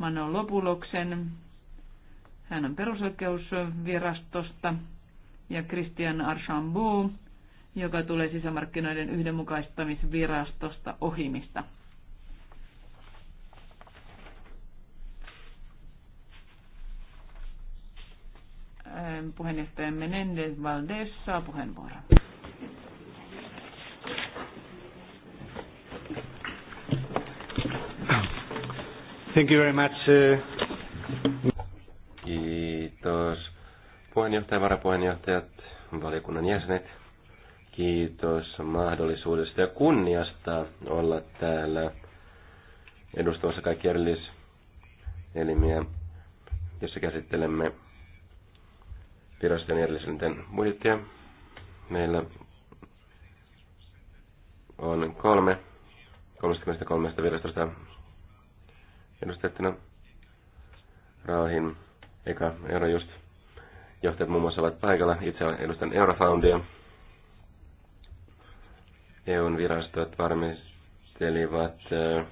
Mano Lopuloksen. Hän on perusoikeusvirastosta ja Christian Archambault, joka tulee sisämarkkinoiden yhdenmukaistamisvirastosta ohimista. Puheenjohtaja Menendez Valdessa puheenvuoro. Thank you very much. Uh, Kiitos puheenjohtaja, varapuheenjohtajat, valiokunnan jäsenet. Kiitos mahdollisuudesta ja kunniasta olla täällä edustamassa kaikki erilliselimiä, jossa käsittelemme virastojen erilliselten budjettia. Meillä on kolme 33 virastosta edustettuna Raahin eka Eurojust. Johtajat muun muassa ovat paikalla. Itse edustan Eurofoundia. EUn virastot varmistelivat äh,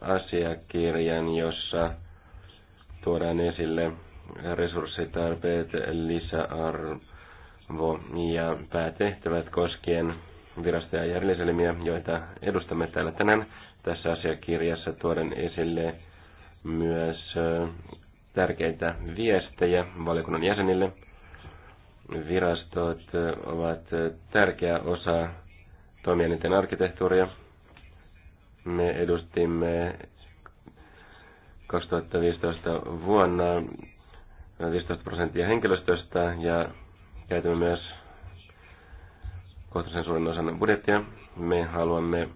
asiakirjan, jossa tuodaan esille resurssitarpeet, lisäarvo ja päätehtävät koskien virastoja ja järjestelmiä, joita edustamme täällä tänään. Tässä asiakirjassa tuoden esille myös tärkeitä viestejä valiokunnan jäsenille. Virastot ovat tärkeä osa toimielinten arkkitehtuuria. Me edustimme 2015 vuonna 15 prosenttia henkilöstöstä ja käytämme myös kohtuullisen suuren osan budjettia. Me haluamme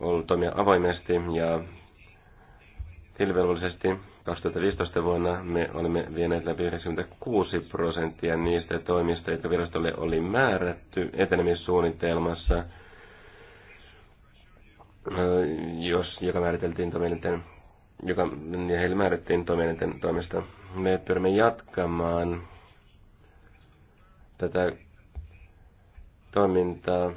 ollut toimia avoimesti ja tilivelvollisesti 2015 vuonna me olimme vieneet läpi 96 prosenttia niistä toimista, jotka virastolle oli määrätty etenemissuunnitelmassa, jos, joka määriteltiin toimielinten, joka ja heille määrittiin toimielinten toimesta. Me pyrimme jatkamaan tätä toimintaa,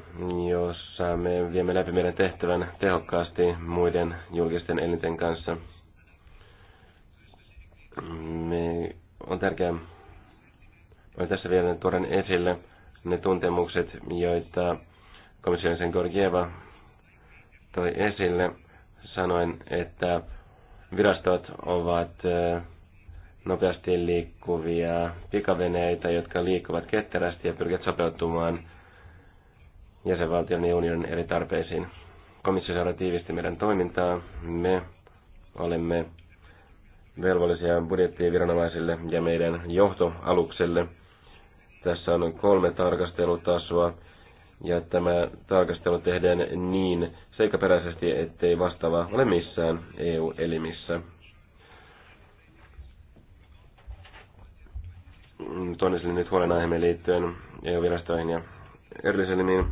jossa me viemme läpi meidän tehtävän tehokkaasti muiden julkisten elinten kanssa. Me on tärkeää, voin tässä vielä tuoda esille ne tuntemukset, joita komission sen Gorgieva toi esille sanoen, että virastot ovat nopeasti liikkuvia pikaveneitä, jotka liikkuvat ketterästi ja pyrkivät sopeutumaan jäsenvaltion ja unionin eri tarpeisiin. Komissio seuraa tiivisti meidän toimintaa. Me olemme velvollisia budjettiviranomaisille ja meidän johtoalukselle. Tässä on kolme tarkastelutasoa ja tämä tarkastelu tehdään niin seikkaperäisesti, ettei vastaava ole missään EU-elimissä. Tuon nyt huolenaiheemme liittyen EU-virastoihin ja erilliselimiin.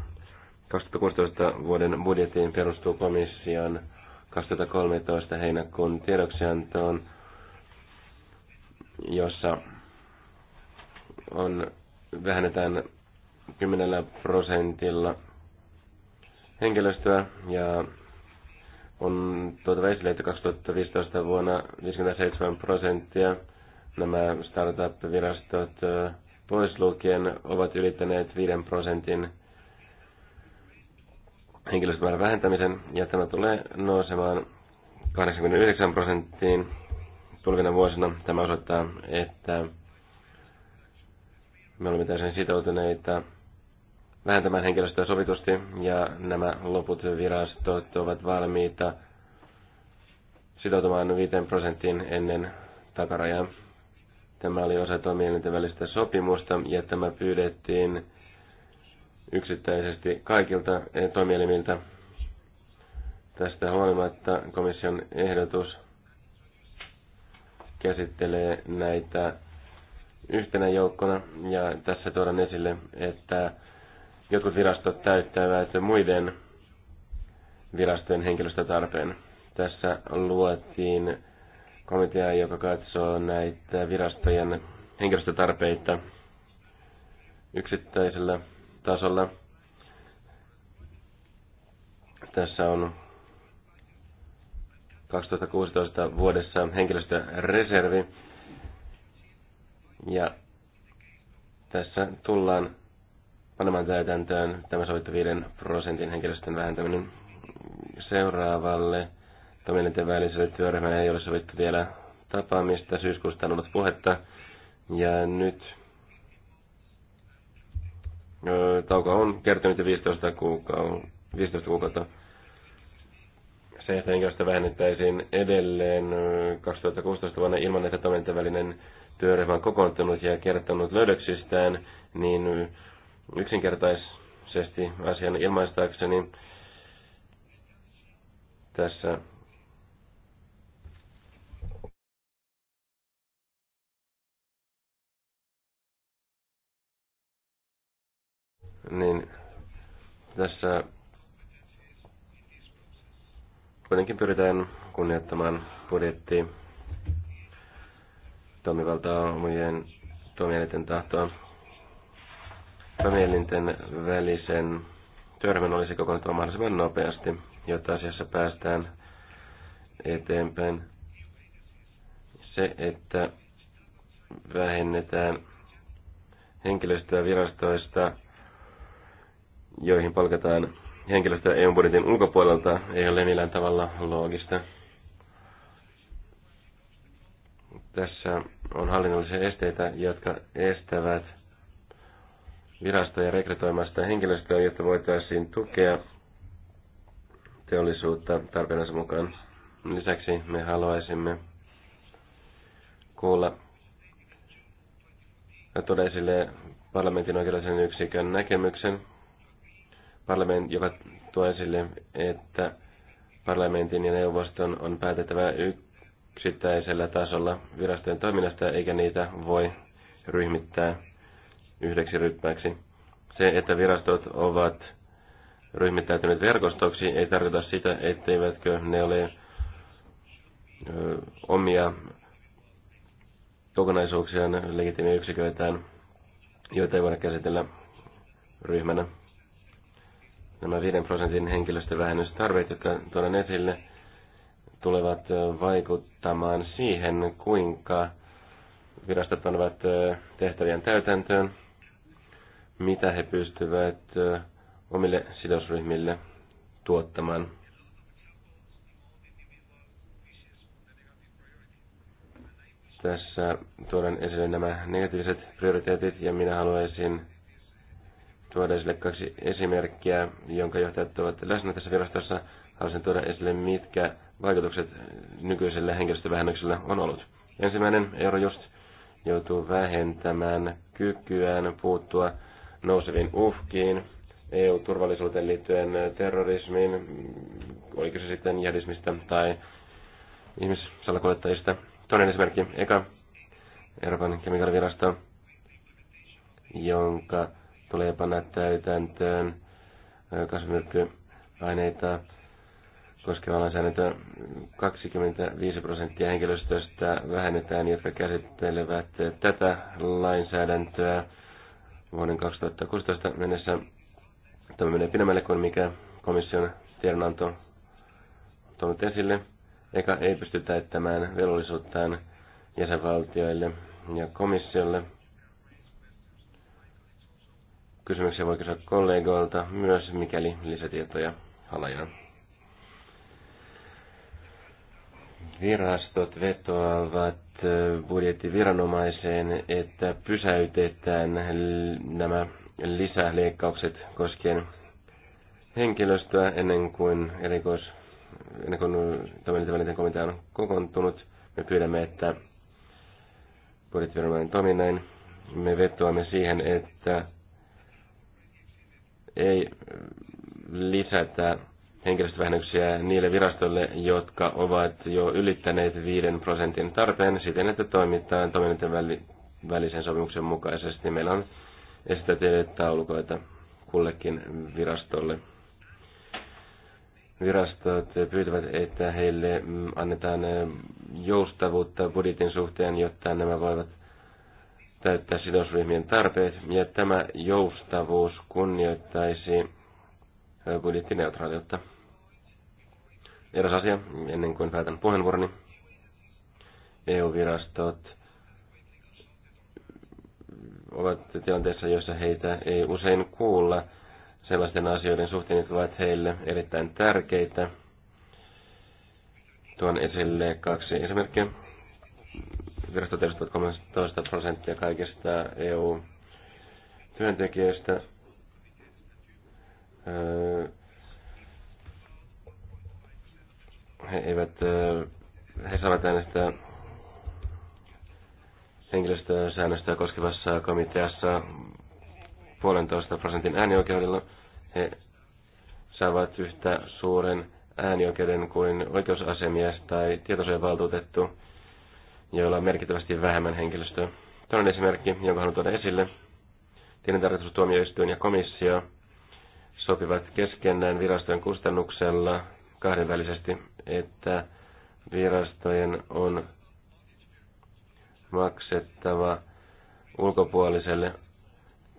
2016 vuoden budjettiin perustuu komission 2013 heinäkuun tiedoksiantoon, jossa on, vähennetään 10 prosentilla henkilöstöä ja on tuotava esille, että 2015 vuonna 57 prosenttia nämä startup-virastot pois lukien ovat ylittäneet 5 prosentin henkilöstömäärän vähentämisen, ja tämä tulee nousemaan 89 prosenttiin tulevina vuosina. Tämä osoittaa, että me olemme täysin sitoutuneita vähentämään henkilöstöä sovitusti, ja nämä loput virastot ovat valmiita sitoutumaan 5 prosenttiin ennen takarajaa. Tämä oli osa toimielinten välistä sopimusta, ja tämä pyydettiin yksittäisesti kaikilta eh, toimielimiltä. Tästä huolimatta komission ehdotus käsittelee näitä yhtenä joukkona, ja tässä tuodaan esille, että jotkut virastot täyttävät muiden virastojen henkilöstötarpeen. Tässä luotiin komitea, joka katsoo näitä virastojen henkilöstötarpeita yksittäisellä tasolla. Tässä on 2016 vuodessa henkilöstöreservi. Ja tässä tullaan panemaan täytäntöön tämä sovittu 5 prosentin henkilöstön vähentäminen seuraavalle. Toiminnan väliselle työryhmälle ei ole sovittu vielä tapaamista. Syyskuusta on ollut puhetta. Ja nyt tauko on kertynyt jo 15 kuukautta. 15 kuukautta. Se, että vähennettäisiin edelleen 2016 vuonna ilman, että toimintavälinen työryhmä on kokoontunut ja kertonut löydöksistään, niin yksinkertaisesti asian ilmaistaakseni tässä niin tässä kuitenkin pyritään kunnioittamaan budjetti toimivaltaa omien toimielinten tahtoa. Toimielinten välisen työryhmän olisi kokoontua mahdollisimman nopeasti, jotta asiassa päästään eteenpäin. Se, että vähennetään henkilöstöä virastoista joihin palkataan henkilöstöä EU-budjetin ulkopuolelta, ei ole millään tavalla loogista. Tässä on hallinnollisia esteitä, jotka estävät virastoja rekrytoimasta henkilöstöä, jotta voitaisiin tukea teollisuutta tarpeensa mukaan. Lisäksi me haluaisimme kuulla todellisille parlamentin oikeudellisen yksikön näkemyksen parlament, joka tuo esille, että parlamentin ja neuvoston on päätettävä yksittäisellä tasolla virastojen toiminnasta, eikä niitä voi ryhmittää yhdeksi ryppäksi. Se, että virastot ovat ryhmittäytyneet verkostoksi, ei tarkoita sitä, etteivätkö ne ole omia kokonaisuuksiaan legitiimiä yksiköitään, joita ei voida käsitellä ryhmänä. Nämä 5 prosentin henkilöstövähennystarpeet, jotka tuodaan esille, tulevat vaikuttamaan siihen, kuinka virastot panevat tehtävien täytäntöön, mitä he pystyvät omille sidosryhmille tuottamaan. Tässä tuodaan esille nämä negatiiviset prioriteetit ja minä haluaisin tuoda esille kaksi esimerkkiä, jonka johtajat ovat läsnä tässä virastossa. Haluaisin tuoda esille, mitkä vaikutukset nykyiselle henkilöstövähennyksellä on ollut. Ensimmäinen just joutuu vähentämään kykyään puuttua nouseviin uhkiin, EU-turvallisuuteen liittyen terrorismiin, oliko se sitten jihadismista tai ihmissalakuljettajista. Toinen esimerkki, EKA, Euroopan kemikaalivirasto, jonka tulee panna täytäntöön äh, kasvimyrkkyaineita koskeva lainsäädäntö 25 prosenttia henkilöstöstä vähennetään, jotka käsittelevät tätä lainsäädäntöä vuoden 2016 mennessä. Tämä menee pidemmälle kuin mikä komission tiedonanto on tuonut esille, eikä ei pysty täyttämään velvollisuuttaan jäsenvaltioille ja komissiolle – Kysymyksiä voi kysyä kollegoilta myös, mikäli lisätietoja halajaa. Virastot vetoavat budjettiviranomaiseen, että pysäytetään nämä lisäleikkaukset koskien henkilöstöä ennen kuin erikois, ennen kuin toimintavälinen komitea on kokoontunut. Me pyydämme, että budjettiviranomainen toiminnan Me vetoamme siihen, että ei lisätä henkilöstövähennyksiä niille virastoille, jotka ovat jo ylittäneet 5 prosentin tarpeen siten, että toimitaan toiminnan välisen sopimuksen mukaisesti. Meillä on esitettyjä taulukoita kullekin virastolle. Virastot pyytävät, että heille annetaan joustavuutta budjetin suhteen, jotta nämä voivat täyttää sidosryhmien tarpeet, ja tämä joustavuus kunnioittaisi budjettineutraaliutta. Eräs asia, ennen kuin päätän puheenvuoroni, EU-virastot ovat tilanteessa, jossa heitä ei usein kuulla sellaisten asioiden suhteen, jotka ovat heille erittäin tärkeitä. Tuon esille kaksi esimerkkiä virastot 13 prosenttia kaikista EU-työntekijöistä. Öö, he eivät, öö, he saavat äänestää henkilöstösäännöstöä koskevassa komiteassa puolentoista prosentin äänioikeudella. He saavat yhtä suuren äänioikeuden kuin oikeusasemies tai tietosuojavaltuutettu joilla on merkittävästi vähemmän henkilöstöä. Toinen esimerkki, jonka haluan tuoda esille. Tilintarkastustuomioistuin ja komissio sopivat keskenään virastojen kustannuksella kahdenvälisesti, että virastojen on maksettava ulkopuoliselle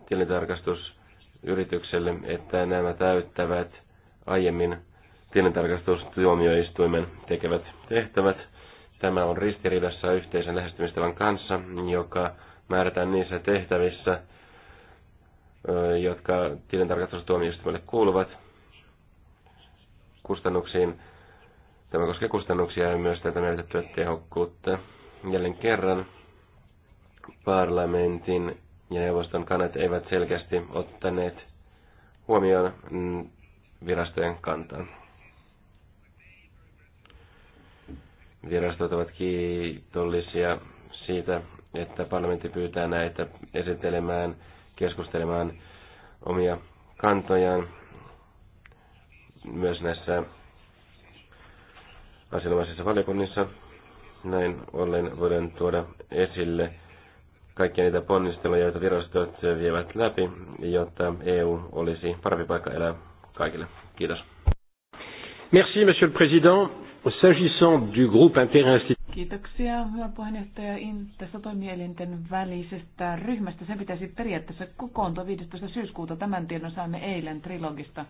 tilintarkastusyritykselle, että nämä täyttävät aiemmin tilintarkastustuomioistuimen tekevät tehtävät. Tämä on ristiriidassa yhteisen lähestymistavan kanssa, joka määrätään niissä tehtävissä, jotka tilintarkastustuomioistuimelle kuuluvat kustannuksiin. Tämä koskee kustannuksia ja myös tätä menetettyä tehokkuutta. Jälleen kerran parlamentin ja neuvoston kannat eivät selkeästi ottaneet huomioon mm, virastojen kantaa. Virastot ovat kiitollisia siitä, että parlamentti pyytää näitä esittelemään, keskustelemaan omia kantojaan myös näissä asianomaisissa valiokunnissa. Näin ollen voidaan tuoda esille kaikkia niitä ponnisteluja, joita virastot vievät läpi, jotta EU olisi parempi paikka elää kaikille. Kiitos. Merci, Monsieur le Président. S'agissant du groupe interinstitutionnel. Kiitoksia, hyvä puheenjohtaja. Tästä toimielinten välisestä ryhmästä se pitäisi periaatteessa kokoontua 15. syyskuuta. Tämän tiedon saamme eilen trilogista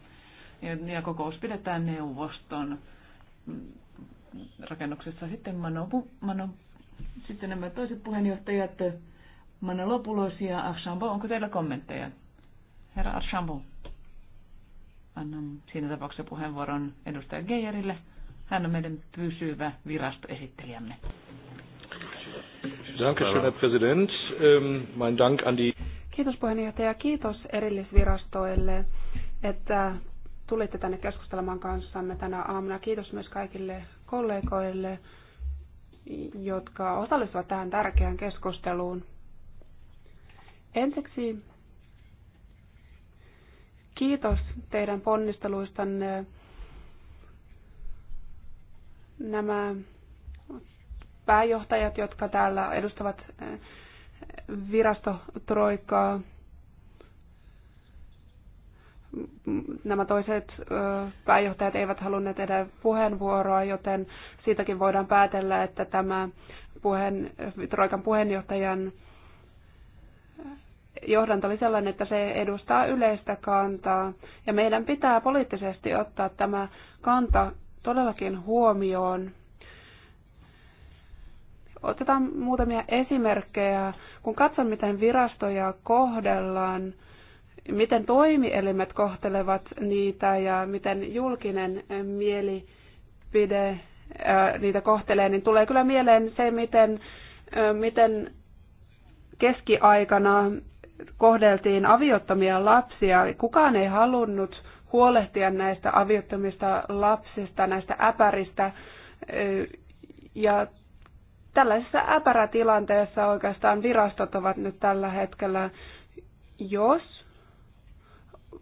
ja kokous pidetään neuvoston rakennuksessa. Sitten Mano, Mano sitten nämä toiset puheenjohtajat, Mano Lopulos ja Archambo. Onko teillä kommentteja? Herra Archambo, annan siinä tapauksessa puheenvuoron edustaja Geijerille. Hän on meidän pysyvä virastoesittelijämme. Ähm, kiitos puheenjohtaja. Kiitos erillisvirastoille, että tulitte tänne keskustelemaan kanssamme tänä aamuna. Kiitos myös kaikille kollegoille, jotka osallistuvat tähän tärkeään keskusteluun. Ensiksi kiitos teidän ponnisteluistanne nämä pääjohtajat, jotka täällä edustavat eh, virastotroikaa, nämä toiset eh, pääjohtajat eivät halunneet tehdä puheenvuoroa, joten siitäkin voidaan päätellä, että tämä puheen, Troikan puheenjohtajan johdanto oli sellainen, että se edustaa yleistä kantaa. Ja meidän pitää poliittisesti ottaa tämä kanta todellakin huomioon. Otetaan muutamia esimerkkejä. Kun katson, miten virastoja kohdellaan, miten toimielimet kohtelevat niitä ja miten julkinen mielipide niitä kohtelee, niin tulee kyllä mieleen se, miten, miten keskiaikana kohdeltiin aviottomia lapsia. Kukaan ei halunnut huolehtia näistä aviottomista lapsista, näistä äpäristä. Ja tällaisessa äpärätilanteessa oikeastaan virastot ovat nyt tällä hetkellä, jos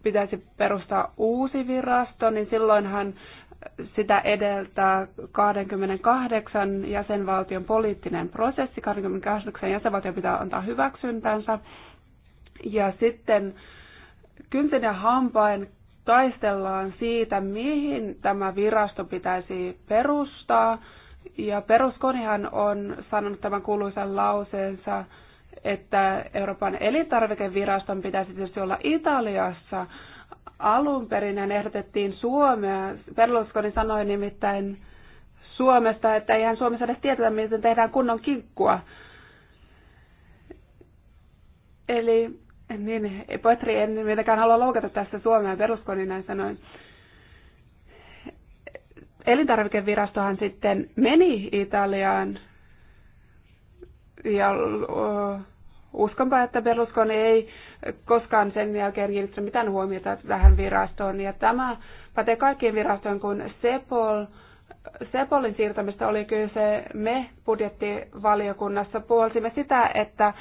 pitäisi perustaa uusi virasto, niin silloinhan sitä edeltää 28 jäsenvaltion poliittinen prosessi. 28 jäsenvaltion pitää antaa hyväksyntänsä. Ja sitten kynsin ja hampain taistellaan siitä, mihin tämä virasto pitäisi perustaa. Ja peruskonihan on sanonut tämän kuuluisen lauseensa, että Euroopan elintarvikeviraston pitäisi tietysti olla Italiassa. Alun perin ehdotettiin Suomea. Berlusconi sanoi nimittäin Suomesta, että eihän Suomessa edes tietää, miten tehdään kunnon kinkkua. Eli niin, Petri, en mitenkään halua loukata tässä Suomea peruskoni näin sanoin. Elintarvikevirastohan sitten meni Italiaan ja uskonpa, että Berlusconi ei koskaan sen jälkeen kiinnittänyt mitään huomiota tähän virastoon. Ja tämä pätee kaikkiin virastoihin, kun Sepol, Sepolin siirtämistä oli kyse. Me budjettivaliokunnassa puolsimme sitä, että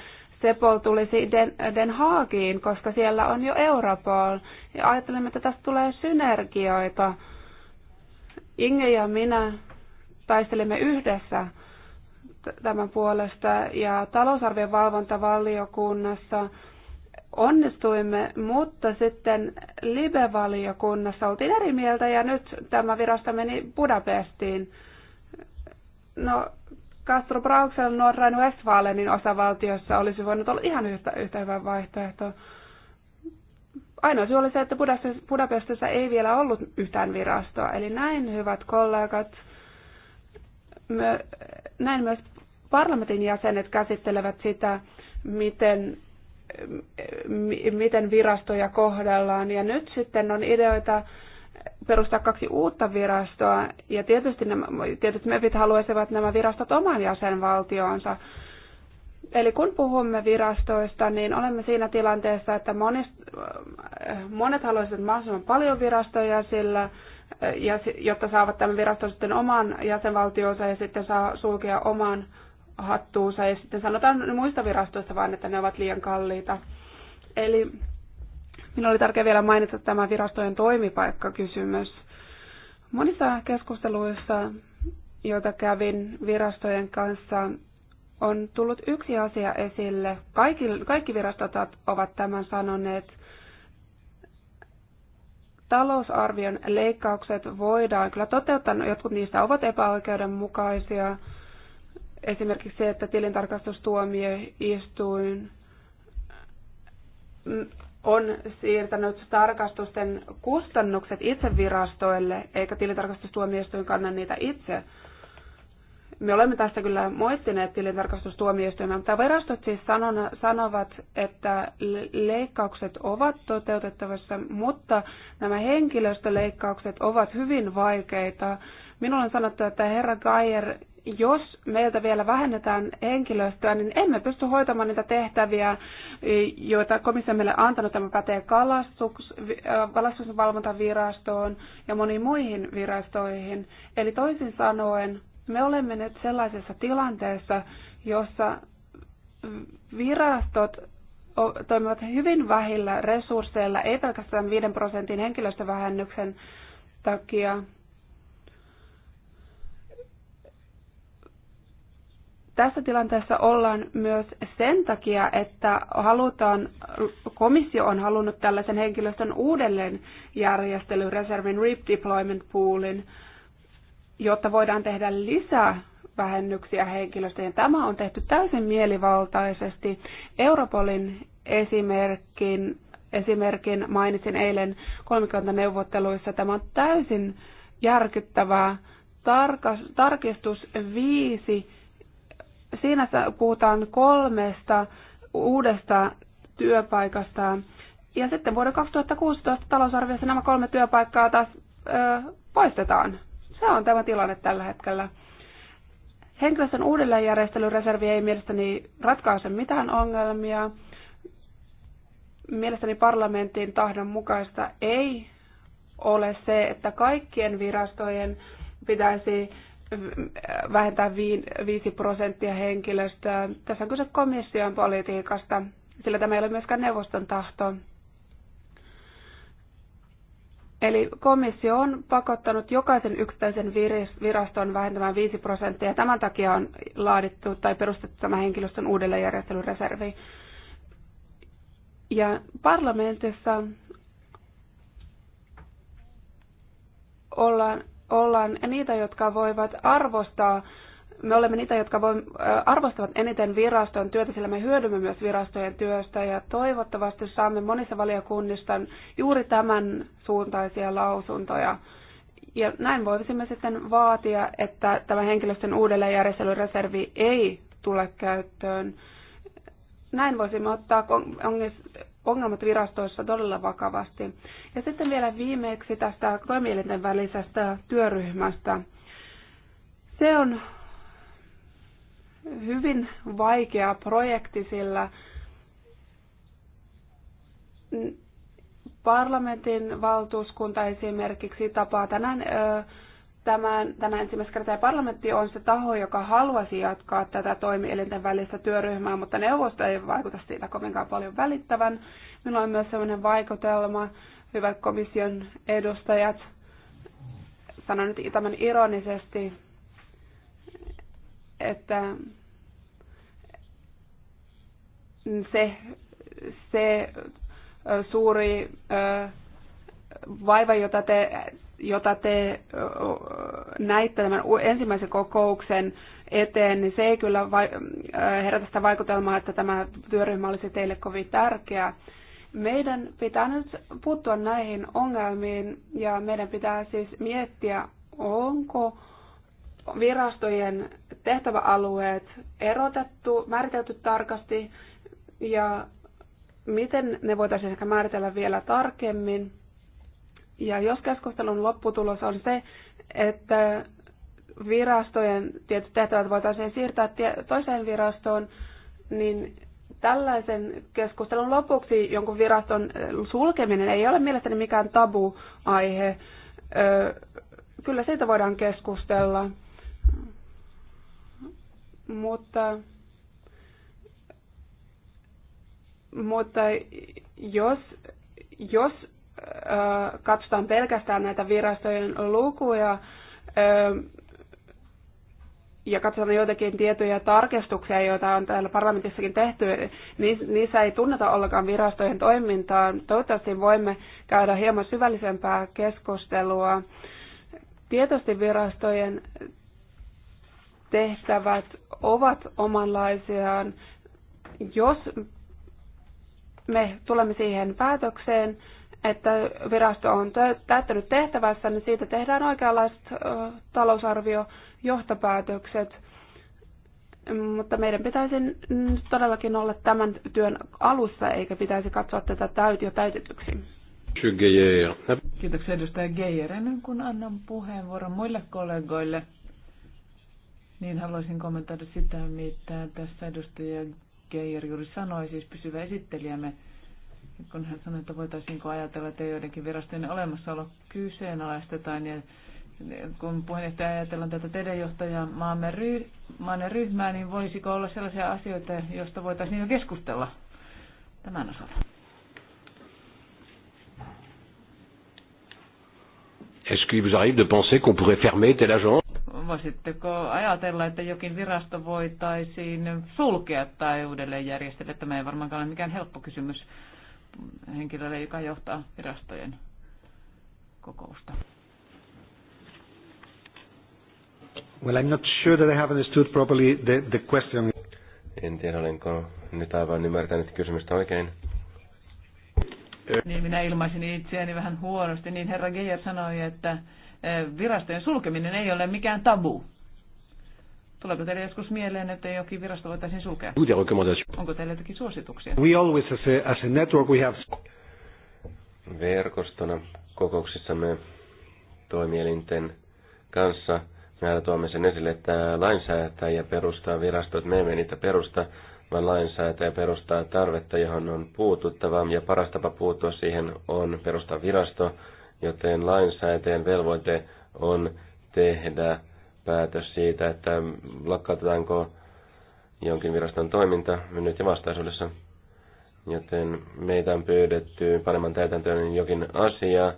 Sepol tulisi Den, Den Haagiin, koska siellä on jo Europol. Ja ajattelemme, että tästä tulee synergioita. Inge ja minä taistelimme yhdessä tämän puolesta ja talousarvion valvontavaliokunnassa onnistuimme, mutta sitten live-valiokunnassa oltiin eri mieltä ja nyt tämä virasto meni Budapestiin. No Castro Brauxel Norran Westfalenin osavaltiossa olisi voinut olla ihan yhtä, yhtä hyvä vaihtoehto. Ainoa syy oli se, että Budapestissa ei vielä ollut yhtään virastoa. Eli näin, hyvät kollegat, me, näin myös parlamentin jäsenet käsittelevät sitä, miten, miten virastoja kohdellaan. Ja nyt sitten on ideoita perustaa kaksi uutta virastoa, ja tietysti, nämä, tietysti MEPit haluaisivat nämä virastot oman jäsenvaltioonsa. Eli kun puhumme virastoista, niin olemme siinä tilanteessa, että monist, monet haluaisivat mahdollisimman paljon virastoja sillä, ja, jotta saavat tämän viraston sitten oman jäsenvaltionsa ja sitten saa sulkea oman hattuunsa. Ja sitten sanotaan muista virastoista vain, että ne ovat liian kalliita. Eli Minulla oli tärkeää vielä mainita tämä virastojen toimipaikkakysymys. Monissa keskusteluissa, joita kävin virastojen kanssa, on tullut yksi asia esille. Kaikki, kaikki virastot ovat tämän sanoneet. Talousarvion leikkaukset voidaan kyllä toteuttaa, no, jotkut niistä ovat epäoikeudenmukaisia. Esimerkiksi se, että tilintarkastustuomioistuin on siirtänyt tarkastusten kustannukset itse virastoille, eikä tilintarkastustuomioistuin kanna niitä itse. Me olemme tästä kyllä moittineet tilintarkastustuomioistuimen, mutta virastot siis sanon, sanovat, että leikkaukset ovat toteutettavissa, mutta nämä henkilöstöleikkaukset ovat hyvin vaikeita. Minulla on sanottu, että herra Geier jos meiltä vielä vähennetään henkilöstöä, niin emme pysty hoitamaan niitä tehtäviä, e, joita komissio meille antanut. Tämä pätee kalastusvalvontavirastoon ja moniin muihin virastoihin. Eli toisin sanoen, me olemme nyt sellaisessa tilanteessa, jossa virastot toimivat hyvin vähillä resursseilla, ei pelkästään 5 prosentin henkilöstövähennyksen takia, tässä tilanteessa ollaan myös sen takia, että halutaan, komissio on halunnut tällaisen henkilöstön uudelleen järjestelyn, reservin redeployment poolin, jotta voidaan tehdä lisää vähennyksiä henkilöstöön. Tämä on tehty täysin mielivaltaisesti. Europolin esimerkin, esimerkin mainitsin eilen neuvotteluissa Tämä on täysin järkyttävää. Tarkas, tarkistus viisi siinä puhutaan kolmesta uudesta työpaikasta. Ja sitten vuoden 2016 talousarviossa nämä kolme työpaikkaa taas ö, poistetaan. Se on tämä tilanne tällä hetkellä. Henkilöstön uudelleenjärjestelyreservi ei mielestäni ratkaise mitään ongelmia. Mielestäni parlamentin tahdon mukaista ei ole se, että kaikkien virastojen pitäisi vähentää 5 prosenttia henkilöstöä. Tässä on kyse komission politiikasta, sillä tämä ei ole myöskään neuvoston tahto. Eli komissio on pakottanut jokaisen yksittäisen viraston vähentämään 5 prosenttia. Tämän takia on laadittu tai perustettu tämä henkilöstön uudelleenjärjestelyreservi. Ja parlamentissa ollaan ollaan niitä, jotka voivat arvostaa me olemme niitä, jotka voi, arvostavat eniten viraston työtä, sillä me hyödymme myös virastojen työstä ja toivottavasti saamme monissa valiokunnista juuri tämän suuntaisia lausuntoja. Ja näin voisimme sitten vaatia, että tämä henkilöstön uudelleenjärjestelyreservi ei tule käyttöön. Näin voisimme ottaa ongelmat virastoissa todella vakavasti. Ja sitten vielä viimeksi tästä toimielinten välisestä työryhmästä. Se on hyvin vaikea projekti, sillä parlamentin valtuuskunta esimerkiksi tapaa tänään Tämän, tänä ensimmäistä kertaa parlamentti on se taho, joka haluaisi jatkaa tätä toimielinten välistä työryhmää, mutta neuvosto ei vaikuta siitä kovinkaan paljon välittävän. Minulla on myös sellainen vaikutelma, hyvät komission edustajat, sanon nyt tämän ironisesti, että se, se suuri vaiva, jota te jota te näitte tämän ensimmäisen kokouksen eteen, niin se ei kyllä herätä sitä vaikutelmaa, että tämä työryhmä olisi teille kovin tärkeä. Meidän pitää nyt puuttua näihin ongelmiin ja meidän pitää siis miettiä, onko virastojen tehtäväalueet erotettu, määritelty tarkasti ja miten ne voitaisiin ehkä määritellä vielä tarkemmin. Ja jos keskustelun lopputulos on se, että virastojen tietyt tehtävät voitaisiin siirtää toiseen virastoon, niin tällaisen keskustelun lopuksi jonkun viraston äh, sulkeminen ei ole mielestäni mikään tabu-aihe. Kyllä siitä voidaan keskustella. Mutta, mutta jos, jos katsotaan pelkästään näitä virastojen lukuja ja katsotaan joitakin ja tarkistuksia, joita on täällä parlamentissakin tehty, niin niissä ei tunneta ollenkaan virastojen toimintaa. Toivottavasti voimme käydä hieman syvällisempää keskustelua. Tietysti virastojen tehtävät ovat omanlaisiaan. Jos me tulemme siihen päätökseen, että virasto on täyttänyt tehtävässä, niin siitä tehdään oikeanlaiset talousarviojohtopäätökset. Mm, mutta meidän pitäisi todellakin olla tämän työn alussa, eikä pitäisi katsoa tätä täyt jo täytetyksi. Kiitoksia edustaja Geijer. Ennen kuin annan puheenvuoron muille kollegoille, niin haluaisin kommentoida sitä, mitä tässä edustaja Geijer juuri sanoi, siis pysyvä esittelijämme kun hän sanoi, että voitaisiinko ajatella, että joidenkin virastojen olemassaolo kyseenalaistetaan ja kun puheenjohtaja ajatellaan tätä teidän johtajan maamme ry, maanne ryhmää, niin voisiko olla sellaisia asioita, joista voitaisiin jo keskustella tämän osalta? Est-ce qu'il vous arrive de penser qu'on pourrait fermer telle agence? Voisitteko ajatella, että jokin virasto voitaisiin sulkea tai uudelleen järjestellä? Tämä ei varmaankaan ole mikään helppo kysymys henkilölle, joka johtaa virastojen kokousta. Well, I'm not sure that I have understood properly the, the question. En tiedä, olenko nyt aivan ymmärtänyt kysymystä oikein. Niin, minä ilmaisin itseäni vähän huonosti. Niin herra Geijer sanoi, että eh, virastojen sulkeminen ei ole mikään tabu. Tuleeko teille joskus mieleen, että jokin virasto voitaisiin sulkea? Onko teille jotakin suosituksia? We always as a, as a network we have... Verkostona kokouksissamme toimielinten kanssa me tuomme sen esille, että lainsäätäjä perustaa virastot, me emme niitä perusta, vaan lainsäätäjä perustaa tarvetta, johon on puututtava, ja paras tapa puuttua siihen on perustaa virasto, joten lainsäätäjän velvoite on tehdä päätös siitä, että lakkautetaanko jonkin viraston toiminta nyt ja vastaisuudessa. Joten meitä on pyydetty panemaan täytäntöön jokin asia,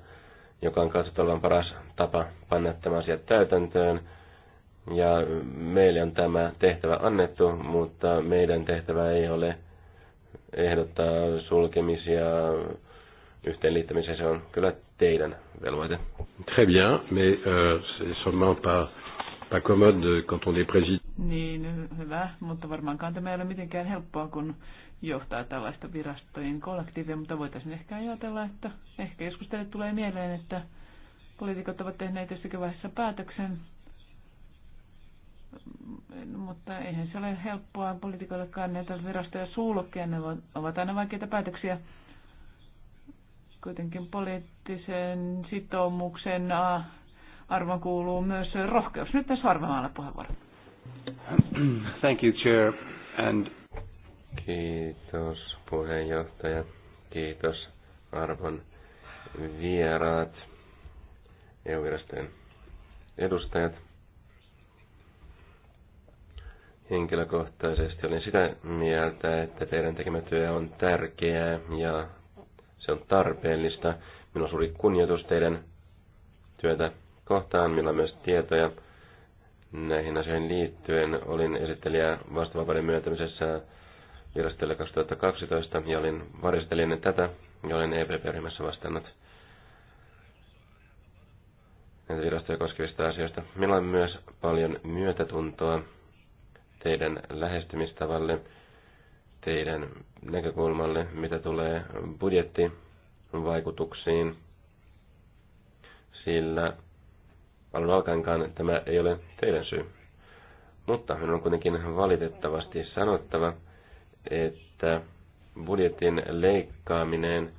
joka on katsottu olevan paras tapa panna tämä asia täytäntöön. Ja meille on tämä tehtävä annettu, mutta meidän tehtävä ei ole ehdottaa sulkemisia, yhteenliittämisiä. Se on kyllä teidän velvoite. Très bien, mais euh, c'est sûrement pas pas commode quand on est président. Niin, hyvä, mutta varmaankaan tämä ei ole mitenkään helppoa, kun johtaa tällaista virastojen kollektiivia, mutta voitaisiin ehkä ajatella, että ehkä joskus teille tulee mieleen, että poliitikot ovat tehneet jossakin vaiheessa päätöksen, mm, mutta eihän se ole helppoa poliitikoillekaan näitä virastoja sulkea, ne ovat aina vaikeita päätöksiä. Kuitenkin poliittisen sitoumuksen ah, arvo kuuluu myös rohkeus. Nyt tässä harvemmalle puheenvuoro. Thank you, Chair. And... Kiitos puheenjohtaja. Kiitos arvon vieraat, EU-virastojen edustajat. Henkilökohtaisesti olin sitä mieltä, että teidän tekemä työ on tärkeää ja se on tarpeellista. Minun suuri kunnioitus teidän työtä kohtaan. Meillä myös tietoja näihin asioihin liittyen. Olin esittelijä vastavapauden myöntämisessä virastolle 2012 ja olin varjostelijana tätä ja olen EPP-ryhmässä vastannut näitä virastoja koskevista asioista. Meillä on myös paljon myötätuntoa teidän lähestymistavalle, teidän näkökulmalle, mitä tulee budjettivaikutuksiin, sillä alun alkaenkaan tämä ei ole teidän syy. Mutta minun on kuitenkin valitettavasti sanottava, että budjetin leikkaaminen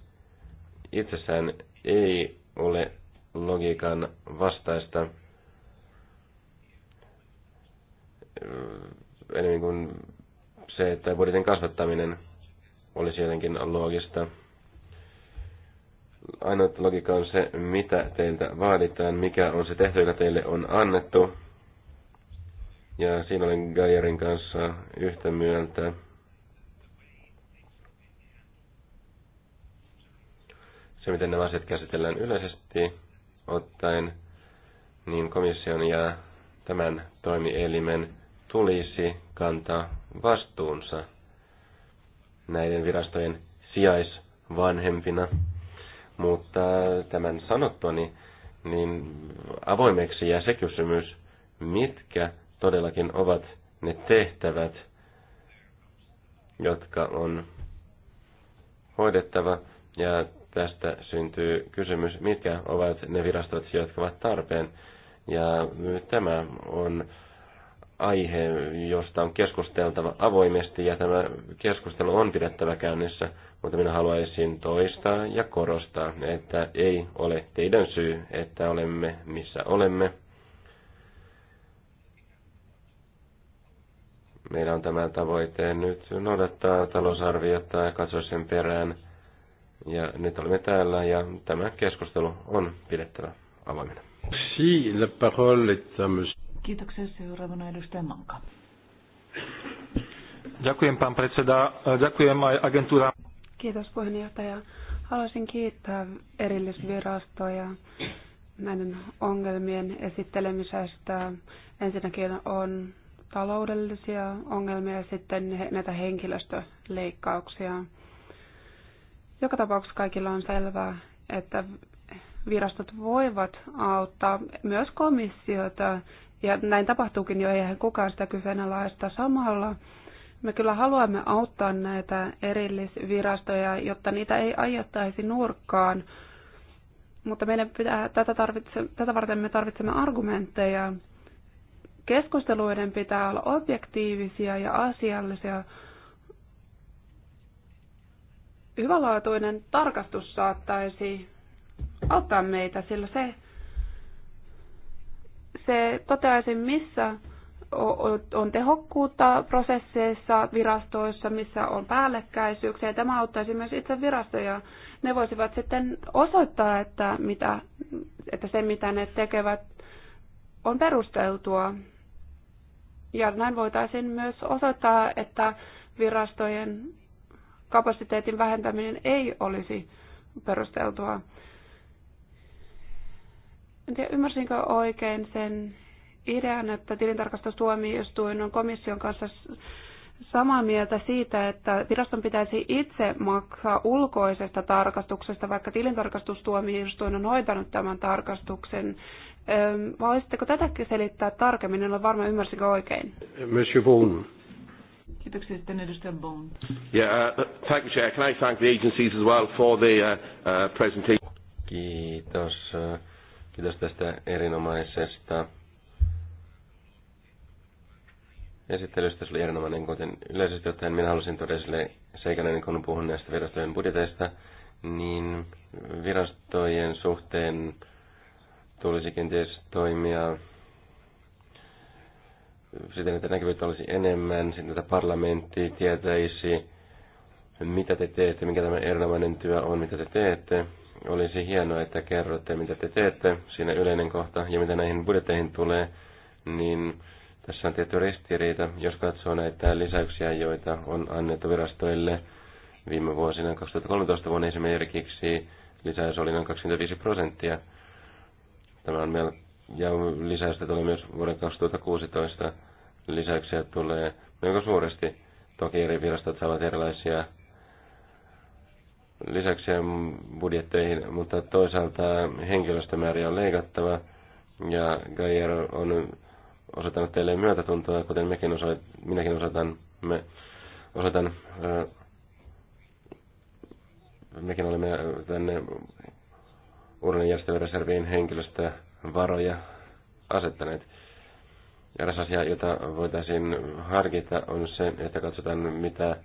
itsessään ei ole logiikan vastaista öö, enemmän kuin se, että budjetin kasvattaminen olisi jotenkin loogista – Ainoa logiikka on se, mitä teiltä vaaditaan, mikä on se tehtävä, joka teille on annettu. Ja siinä olen Gajerin kanssa yhtä mieltä. Se, miten nämä asiat käsitellään yleisesti ottaen, niin komission ja tämän toimielimen tulisi kantaa vastuunsa näiden virastojen sijaisvanhempina. Mutta tämän sanottuani, niin avoimeksi jää se kysymys, mitkä todellakin ovat ne tehtävät, jotka on hoidettava. Ja tästä syntyy kysymys, mitkä ovat ne virastot, jotka ovat tarpeen. Ja tämä on aihe, josta on keskusteltava avoimesti ja tämä keskustelu on pidettävä käynnissä. Mutta minä haluaisin toistaa ja korostaa, että ei ole teidän syy, että olemme missä olemme. Meillä on tämä tavoite nyt noudattaa talousarviota ja katsoa sen perään. Ja nyt olemme täällä ja tämä keskustelu on pidettävä avoimena. Kiitoksia. Seuraavana edustaja Manka. Dziękuję pan predseda. dziękuję agentura. Kiitos puheenjohtaja. Haluaisin kiittää erillisvirastoja näiden ongelmien esittelemisestä. Ensinnäkin on taloudellisia ongelmia ja sitten näitä henkilöstöleikkauksia. Joka tapauksessa kaikilla on selvää, että virastot voivat auttaa myös komissiota, ja näin tapahtuukin jo, eihän kukaan sitä kyseenalaista samalla me kyllä haluamme auttaa näitä erillisvirastoja, jotta niitä ei ajattaisi nurkkaan, mutta meidän pitää, tätä, tarvitse, tätä varten me tarvitsemme argumentteja. Keskusteluiden pitää olla objektiivisia ja asiallisia. Hyvälaatuinen tarkastus saattaisi auttaa meitä, sillä se, se toteaisi, missä on tehokkuutta prosesseissa virastoissa, missä on päällekkäisyyksiä. Ja tämä auttaisi myös itse virastoja. Ne voisivat sitten osoittaa, että, mitä, että se mitä ne tekevät on perusteltua. Ja näin voitaisiin myös osoittaa, että virastojen kapasiteetin vähentäminen ei olisi perusteltua. En tiedä, ymmärsinkö oikein sen idean, että tilintarkastustuomioistuin on komission kanssa samaa mieltä siitä, että viraston pitäisi itse maksaa ulkoisesta tarkastuksesta, vaikka tilintarkastustuomioistuin on hoitanut tämän tarkastuksen. Vai voisitteko tätäkin selittää tarkemmin? En ole varma, ymmärsikö oikein. Monsieur Vaughan. Kiitoksia sitten edustaja Bond. Yeah, uh, thank you, Chair. Can I thank the agencies as well for the uh, uh, presentation? Kiitos. Kiitos tästä erinomaisesta esittelystä. Se oli erinomainen, kuten yleisesti ottaen minä halusin tuoda esille seikan, kun puhun näistä virastojen budjeteista, niin virastojen suhteen tulisi kenties toimia siten, että näkyvyyttä olisi enemmän, sitten että parlamentti tietäisi, mitä te teette, mikä tämä erinomainen työ on, mitä te teette. Olisi hienoa, että kerrotte, mitä te teette, siinä yleinen kohta, ja mitä näihin budjetteihin tulee, niin tässä on tietty ristiriita, jos katsoo näitä lisäyksiä, joita on annettu virastoille viime vuosina. 2013 vuonna esimerkiksi lisäys oli noin 25 prosenttia. Tämä on meillä ja lisäystä tulee myös vuoden 2016 lisäyksiä tulee melko suuresti. Toki eri virastot saavat erilaisia lisäyksiä budjetteihin, mutta toisaalta henkilöstömääriä on leikattava ja Gaier on osoittanut teille myötätuntoa, kuten mekin osoit, minäkin osoitan, me osoitan, ää, mekin olemme tänne uuden järjestelmäreserviin varoja asettaneet. Eräs asia, jota voitaisiin harkita, on se, että katsotaan, mitä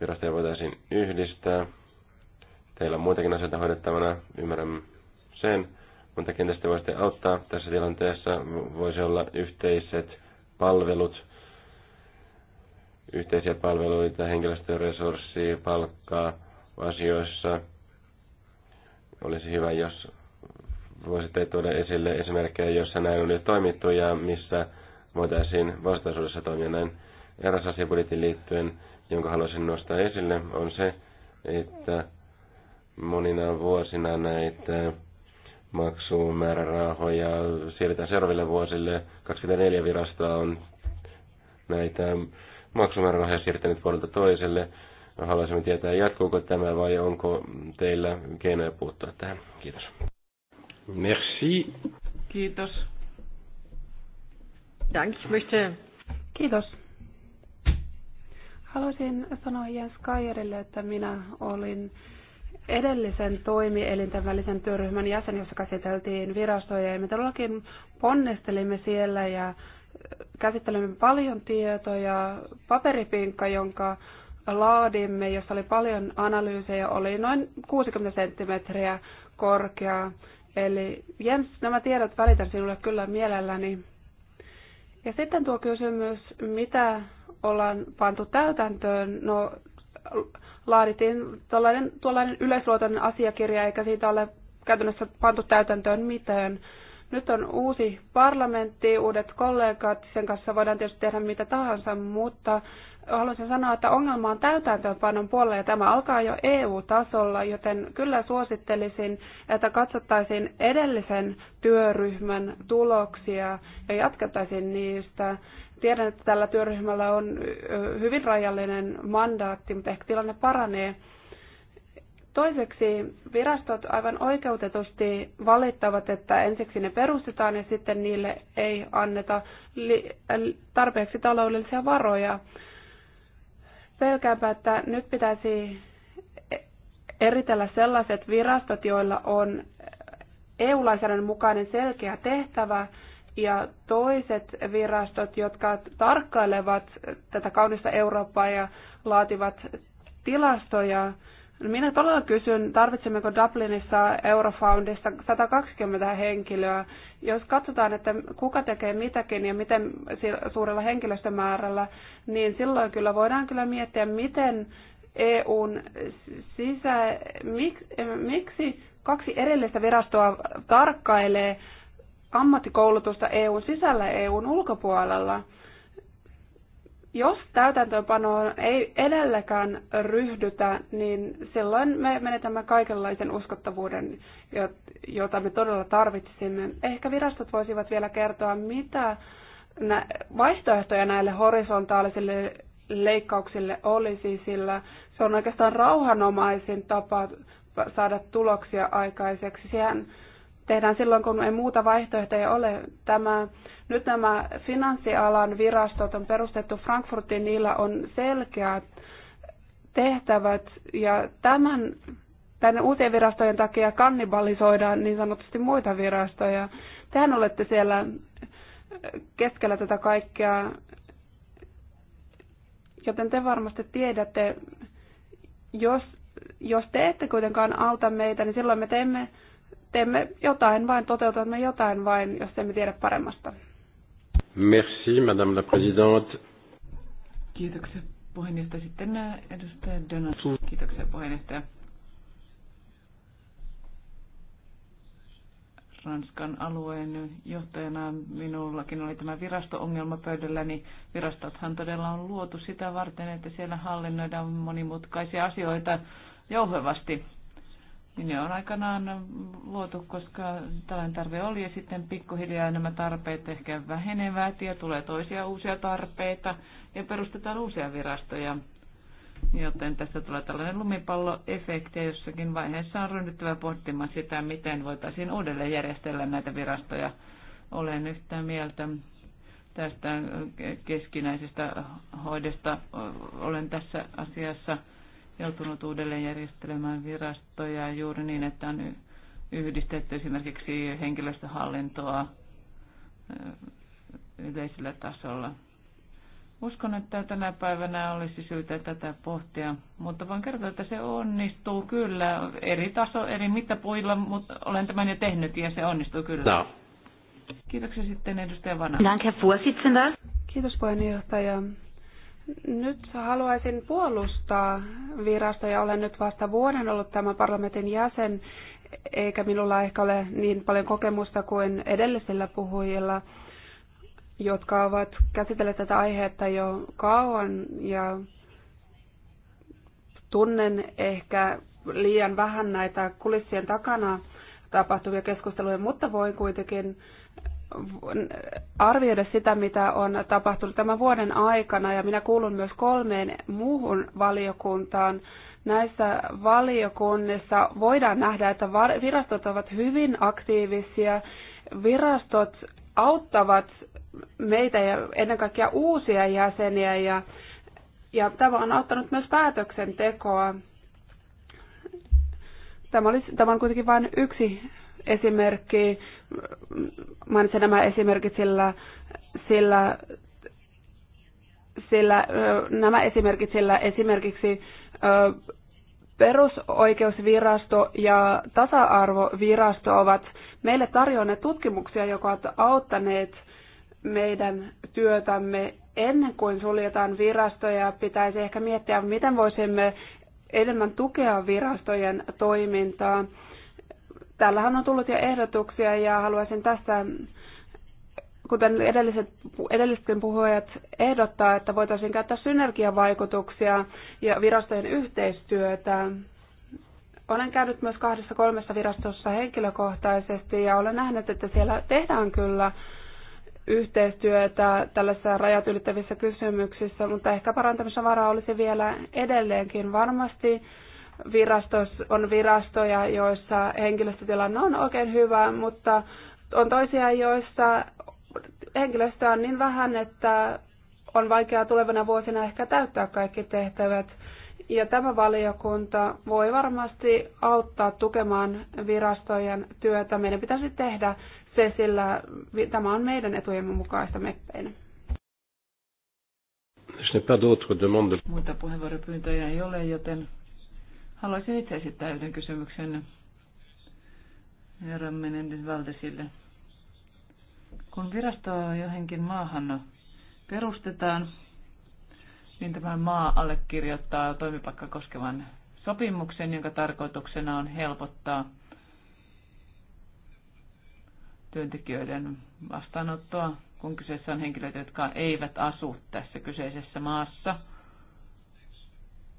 virastoja voitaisiin yhdistää. Teillä on muitakin asioita hoidettavana, ymmärrän sen. Mutta kenties voi sitten auttaa tässä tilanteessa. Voisi olla yhteiset palvelut, yhteisiä palveluita, henkilöstöresurssia, palkkaa asioissa. Olisi hyvä, jos voisitte tuoda esille esimerkkejä, jossa näin on nyt toimittu ja missä voitaisiin vastaisuudessa toimia näin. Eräs asia budjetin liittyen, jonka haluaisin nostaa esille, on se, että monina vuosina näitä maksumäärärahoja siirretään seuraaville vuosille. 24 virastoa on näitä maksumäärärahoja siirtänyt vuodelta toiselle. Haluaisimme tietää, jatkuuko tämä vai onko teillä keinoja puuttua tähän. Kiitos. Merci. Kiitos. Dank, ich möchte... Kiitos. Haluaisin sanoa Jens Kajerille, että minä olin edellisen toimielinten välisen työryhmän jäsen, jossa käsiteltiin virastoja. Ja me todellakin ponnistelimme siellä ja käsittelimme paljon tietoja. Paperipinkka, jonka laadimme, jossa oli paljon analyysejä, oli noin 60 senttimetriä korkea. Eli Jens, nämä tiedot välitän sinulle kyllä mielelläni. Ja sitten tuo kysymys, mitä ollaan pantu täytäntöön. No, laadittiin tällainen, tuollainen yleisluotainen asiakirja, eikä siitä ole käytännössä pantu täytäntöön mitään. Nyt on uusi parlamentti, uudet kollegat, sen kanssa voidaan tietysti tehdä mitä tahansa, mutta haluaisin sanoa, että ongelma on täytäntöönpanon puolella ja tämä alkaa jo EU-tasolla, joten kyllä suosittelisin, että katsottaisiin edellisen työryhmän tuloksia ja jatkettaisiin niistä. Tiedän, että tällä työryhmällä on hyvin rajallinen mandaatti, mutta ehkä tilanne paranee. Toiseksi virastot aivan oikeutetusti valittavat, että ensiksi ne perustetaan ja sitten niille ei anneta tarpeeksi taloudellisia varoja. Pelkäänpä, että nyt pitäisi eritellä sellaiset virastot, joilla on EU-lainsäädännön mukainen selkeä tehtävä ja toiset virastot, jotka tarkkailevat tätä kaunista Eurooppaa ja laativat tilastoja. Minä todella kysyn, tarvitsemmeko Dublinissa Eurofoundissa 120 henkilöä. Jos katsotaan, että kuka tekee mitäkin ja miten suurella henkilöstömäärällä, niin silloin kyllä voidaan kyllä miettiä, miten EUn sisä, miksi kaksi erillistä virastoa tarkkailee ammattikoulutusta EUn sisällä ja EUn ulkopuolella. Jos täytäntöönpanoon ei edelläkään ryhdytä, niin silloin me menetämme kaikenlaisen uskottavuuden, jota me todella tarvitsisimme. Ehkä virastot voisivat vielä kertoa, mitä vaihtoehtoja näille horisontaalisille leikkauksille olisi, sillä se on oikeastaan rauhanomaisin tapa saada tuloksia aikaiseksi. siihen tehdään silloin, kun ei muuta vaihtoehtoja ole. Tämä, nyt nämä finanssialan virastot on perustettu Frankfurtiin, niillä on selkeät tehtävät ja tämän, tänne uusien virastojen takia kannibalisoidaan niin sanotusti muita virastoja. Tehän olette siellä keskellä tätä kaikkea, joten te varmasti tiedätte, jos, jos te ette kuitenkaan auta meitä, niin silloin me teemme teemme jotain vain, toteutamme jotain vain, jos emme tiedä paremmasta. Merci, Madame la Présidente. Kiitoksia puheenjohtaja. Sitten äh, edustaja Donald. Kiitoksia puheenjohtaja. Ranskan alueen johtajana minullakin oli tämä virasto-ongelma pöydällä, Niin virastothan todella on luotu sitä varten, että siellä hallinnoidaan monimutkaisia asioita jouhevasti niin ne on aikanaan luotu, koska tällainen tarve oli ja sitten pikkuhiljaa nämä tarpeet ehkä vähenevät ja tulee toisia uusia tarpeita ja perustetaan uusia virastoja. Joten tästä tulee tällainen lumipalloefekti ja jossakin vaiheessa on ryhdyttävä pohtimaan sitä, miten voitaisiin uudelleen järjestellä näitä virastoja. Olen yhtä mieltä tästä keskinäisestä hoidosta. Olen tässä asiassa joutunut uudelleen järjestelemään virastoja juuri niin, että on yhdistetty esimerkiksi henkilöstöhallintoa yleisellä tasolla. Uskon, että tänä päivänä olisi syytä tätä pohtia, mutta voin kertoa, että se onnistuu kyllä eri taso, eri mittapuilla, mutta olen tämän jo tehnyt ja se onnistuu kyllä. No. Kiitoksia sitten edustaja Vanha. Danke, Kiitos puheenjohtaja. Nyt haluaisin puolustaa virastoja. Olen nyt vasta vuoden ollut tämän parlamentin jäsen, eikä minulla ehkä ole niin paljon kokemusta kuin edellisillä puhujilla, jotka ovat käsitelleet tätä aihetta jo kauan ja tunnen ehkä liian vähän näitä kulissien takana tapahtuvia keskusteluja, mutta voin kuitenkin arvioida sitä, mitä on tapahtunut tämän vuoden aikana, ja minä kuulun myös kolmeen muuhun valiokuntaan. Näissä valiokunnissa voidaan nähdä, että virastot ovat hyvin aktiivisia. Virastot auttavat meitä ja ennen kaikkea uusia jäseniä, ja, ja tämä on auttanut myös päätöksentekoa. Tämä, olisi, tämä on kuitenkin vain yksi esimerkki, mainitsen nämä esimerkit sillä, sillä, sillä nämä esimerkit sillä esimerkiksi perusoikeusvirasto ja tasa-arvovirasto ovat meille tarjonneet tutkimuksia, jotka ovat auttaneet meidän työtämme ennen kuin suljetaan virastoja. Pitäisi ehkä miettiä, miten voisimme enemmän tukea virastojen toimintaa. Täällähän on tullut jo ehdotuksia ja haluaisin tässä, kuten edelliset, edellisetkin puhujat ehdottaa, että voitaisiin käyttää synergiavaikutuksia ja virastojen yhteistyötä. Olen käynyt myös kahdessa kolmessa virastossa henkilökohtaisesti ja olen nähnyt, että siellä tehdään kyllä yhteistyötä tällaisissa rajat ylittävissä kysymyksissä, mutta ehkä parantamisen varaa olisi vielä edelleenkin varmasti virastos, on virastoja, joissa henkilöstötilanne on oikein hyvä, mutta on toisia, joissa henkilöstöä on niin vähän, että on vaikeaa tulevana vuosina ehkä täyttää kaikki tehtävät. Ja tämä valiokunta voi varmasti auttaa tukemaan virastojen työtä. Meidän pitäisi tehdä se, sillä tämä on meidän etujemme mukaista meppeinä. Muita puheenvuoropyyntöjä ei ole, joten Haluaisin itse esittää yhden kysymyksen herra Menendez Valdesille. Kun virasto johonkin maahan perustetaan, niin tämä maa allekirjoittaa toimipaikka koskevan sopimuksen, jonka tarkoituksena on helpottaa työntekijöiden vastaanottoa, kun kyseessä on henkilöt, jotka eivät asu tässä kyseisessä maassa –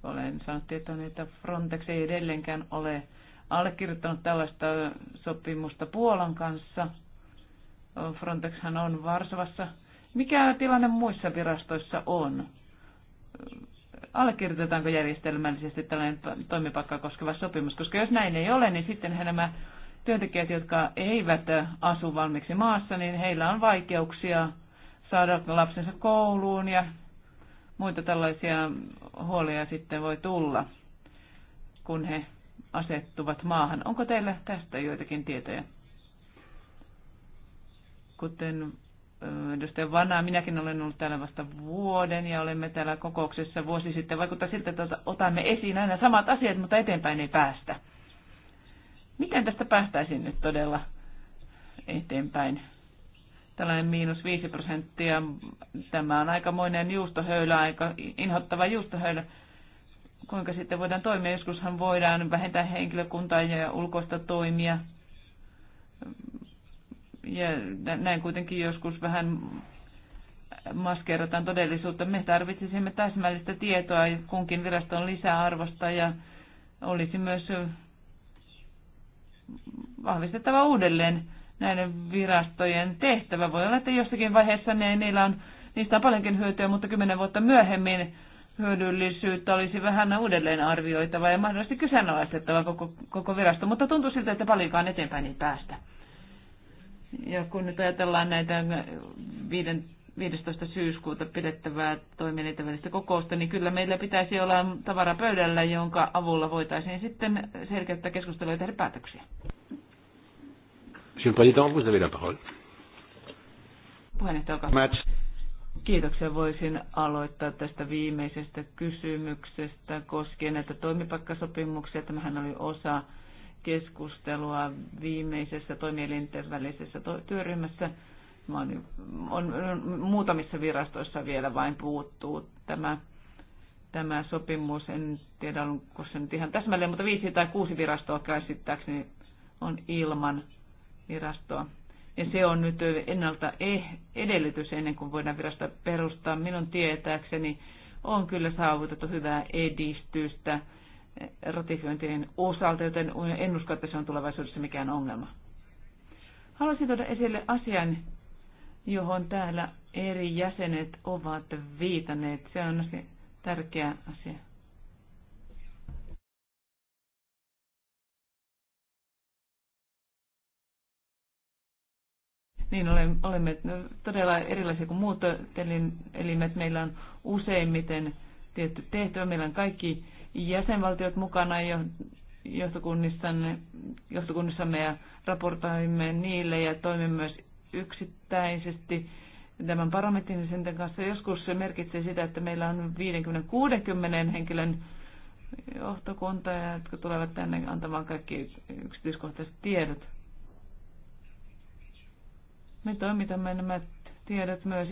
olen saanut tietoa, että Frontex ei edelleenkään ole allekirjoittanut tällaista sopimusta Puolan kanssa. Frontexhan on Varsovassa. Mikä tilanne muissa virastoissa on? Allekirjoitetaanko järjestelmällisesti tällainen toimipaikka koskeva sopimus? Koska jos näin ei ole, niin sitten nämä työntekijät, jotka eivät asu valmiiksi maassa, niin heillä on vaikeuksia saada lapsensa kouluun ja muita tällaisia huolia sitten voi tulla, kun he asettuvat maahan. Onko teillä tästä joitakin tietoja? Kuten edustaja Vanaa, minäkin olen ollut täällä vasta vuoden ja olemme täällä kokouksessa vuosi sitten. Vaikuttaa siltä, että otamme esiin aina samat asiat, mutta eteenpäin ei päästä. Miten tästä päästäisiin nyt todella eteenpäin? tällainen miinus 5 prosenttia. Tämä on aikamoinen juustohöylä, aika inhottava juustohöylä. Kuinka sitten voidaan toimia? Joskushan voidaan vähentää henkilökuntaa ja ulkoista toimia. Ja näin kuitenkin joskus vähän maskeerataan todellisuutta. Me tarvitsisimme täsmällistä tietoa kunkin viraston lisäarvosta ja olisi myös vahvistettava uudelleen näiden virastojen tehtävä. Voi olla, että jossakin vaiheessa ne, niillä on, niistä on paljonkin hyötyä, mutta kymmenen vuotta myöhemmin hyödyllisyyttä olisi vähän uudelleen arvioitava ja mahdollisesti kyseenalaistettava koko, koko virasto, mutta tuntuu siltä, että paljonkaan eteenpäin ei päästä. Ja kun nyt ajatellaan näitä 15. syyskuuta pidettävää toimielinten välistä kokousta, niin kyllä meillä pitäisi olla tavara pöydällä, jonka avulla voitaisiin sitten selkeyttää keskustelua ja tehdä päätöksiä. Monsieur le Président, vous avez la parole. Kiitoksia. Voisin aloittaa tästä viimeisestä kysymyksestä koskien näitä toimipaikkasopimuksia. Tämähän oli osa keskustelua viimeisessä toimielinten välisessä työryhmässä. On, on, on, muutamissa virastoissa vielä vain puuttuu tämä, tämä sopimus. En tiedä, onko se nyt ihan täsmälleen, mutta viisi tai kuusi virastoa käsittääkseni on ilman virastoa. Ja se on nyt ennalta eh- edellytys ennen kuin voidaan virasta perustaa. Minun tietääkseni on kyllä saavutettu hyvää edistystä ratifiointien osalta, joten en usko, että se on tulevaisuudessa mikään ongelma. Haluaisin tuoda esille asian, johon täällä eri jäsenet ovat viitanneet. Se on tärkeä asia. niin olemme todella erilaisia kuin muut elimet. Meillä on useimmiten tietty tehtävä. Meillä on kaikki jäsenvaltiot mukana johtokunnissamme ja raportoimme niille ja toimimme myös yksittäisesti tämän parlamentin kanssa. Joskus se merkitsee sitä, että meillä on 50-60 henkilön johtokunta, jotka tulevat tänne antamaan kaikki yksityiskohtaiset tiedot. Me toimitamme nämä tiedot myös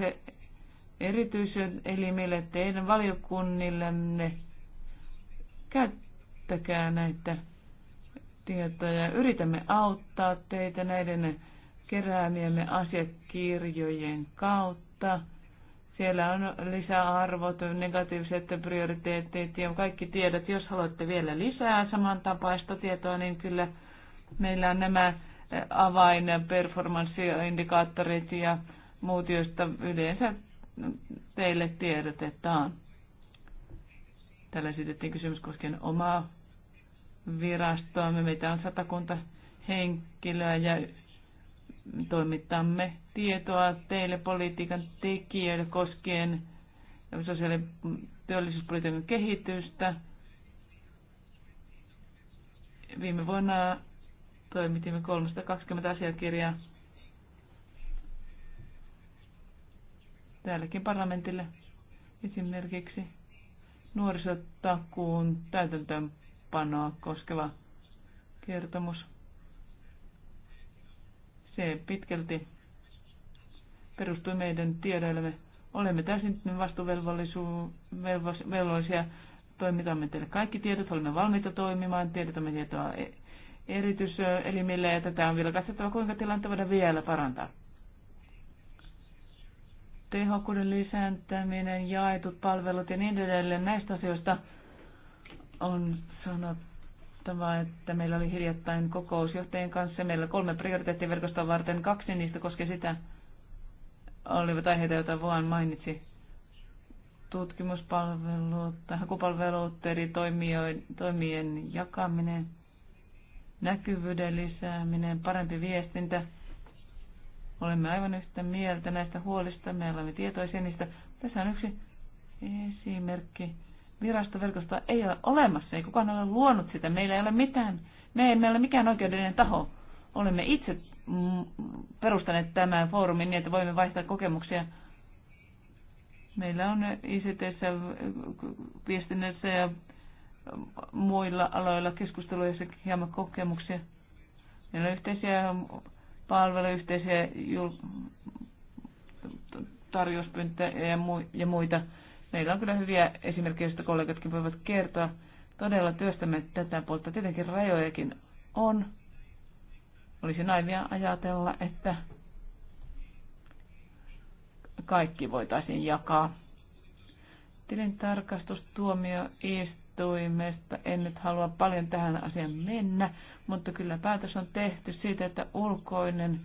erityisen elimille teidän valiokunnillenne. Käyttäkää näitä tietoja. Yritämme auttaa teitä näiden keräämiemme asiakirjojen kautta. Siellä on lisäarvot, negatiiviset prioriteetit ja kaikki tiedot. Jos haluatte vielä lisää samantapaista tietoa, niin kyllä meillä on nämä avain performanssiindikaattorit ja muut, joista yleensä teille tiedotetaan. Täällä esitettiin kysymys koskien omaa Me Meitä on satakunta henkilöä ja toimittamme tietoa teille politiikan tekijöille koskien sosiaali- työllisyyspolitiikan kehitystä. Viime vuonna toimitimme 320 asiakirjaa täälläkin parlamentille esimerkiksi nuorisotakuun täytäntöönpanoa koskeva kertomus. Se pitkälti perustui meidän tiedoillemme. Olemme täysin vastuvelvollisia, toimitamme teille kaikki tiedot, olemme valmiita toimimaan, tiedotamme tietoa erityiselimille ja tätä on vielä kuinka tilannetta voidaan vielä parantaa. Tehokkuuden lisääntäminen, jaetut palvelut ja niin edelleen näistä asioista on sanottava, että meillä oli hiljattain kokous kanssa. Meillä kolme prioriteettiverkostoa varten, kaksi niistä koske sitä, olivat aiheita, joita Vaan mainitsi. Tutkimuspalvelut, hakupalvelut, eri toimijoiden, toimien jakaminen – näkyvyyden lisääminen, parempi viestintä. Olemme aivan yhtä mieltä näistä huolista, me olemme tietoisia niistä. Tässä on yksi esimerkki. Virastoverkostoa ei ole olemassa, ei kukaan ole luonut sitä. Meillä ei ole mitään, me emme ole mikään oikeudellinen taho. Olemme itse mm, perustaneet tämän foorumin niin, että voimme vaihtaa kokemuksia. Meillä on ICT, viestinnässä ja muilla aloilla keskusteluja ja hieman kokemuksia. Meillä on yhteisiä palveluja, yhteisiä jul- tarjouspyyntöjä ja, mu- ja muita. Meillä on kyllä hyviä esimerkkejä, joista kollegatkin voivat kertoa. Todella työstämme tätä puolta. Tietenkin rajojakin on. Olisi naivia ajatella, että kaikki voitaisiin jakaa. Tilintarkastustuomioistuin toimesta. En nyt halua paljon tähän asiaan mennä, mutta kyllä päätös on tehty siitä, että ulkoinen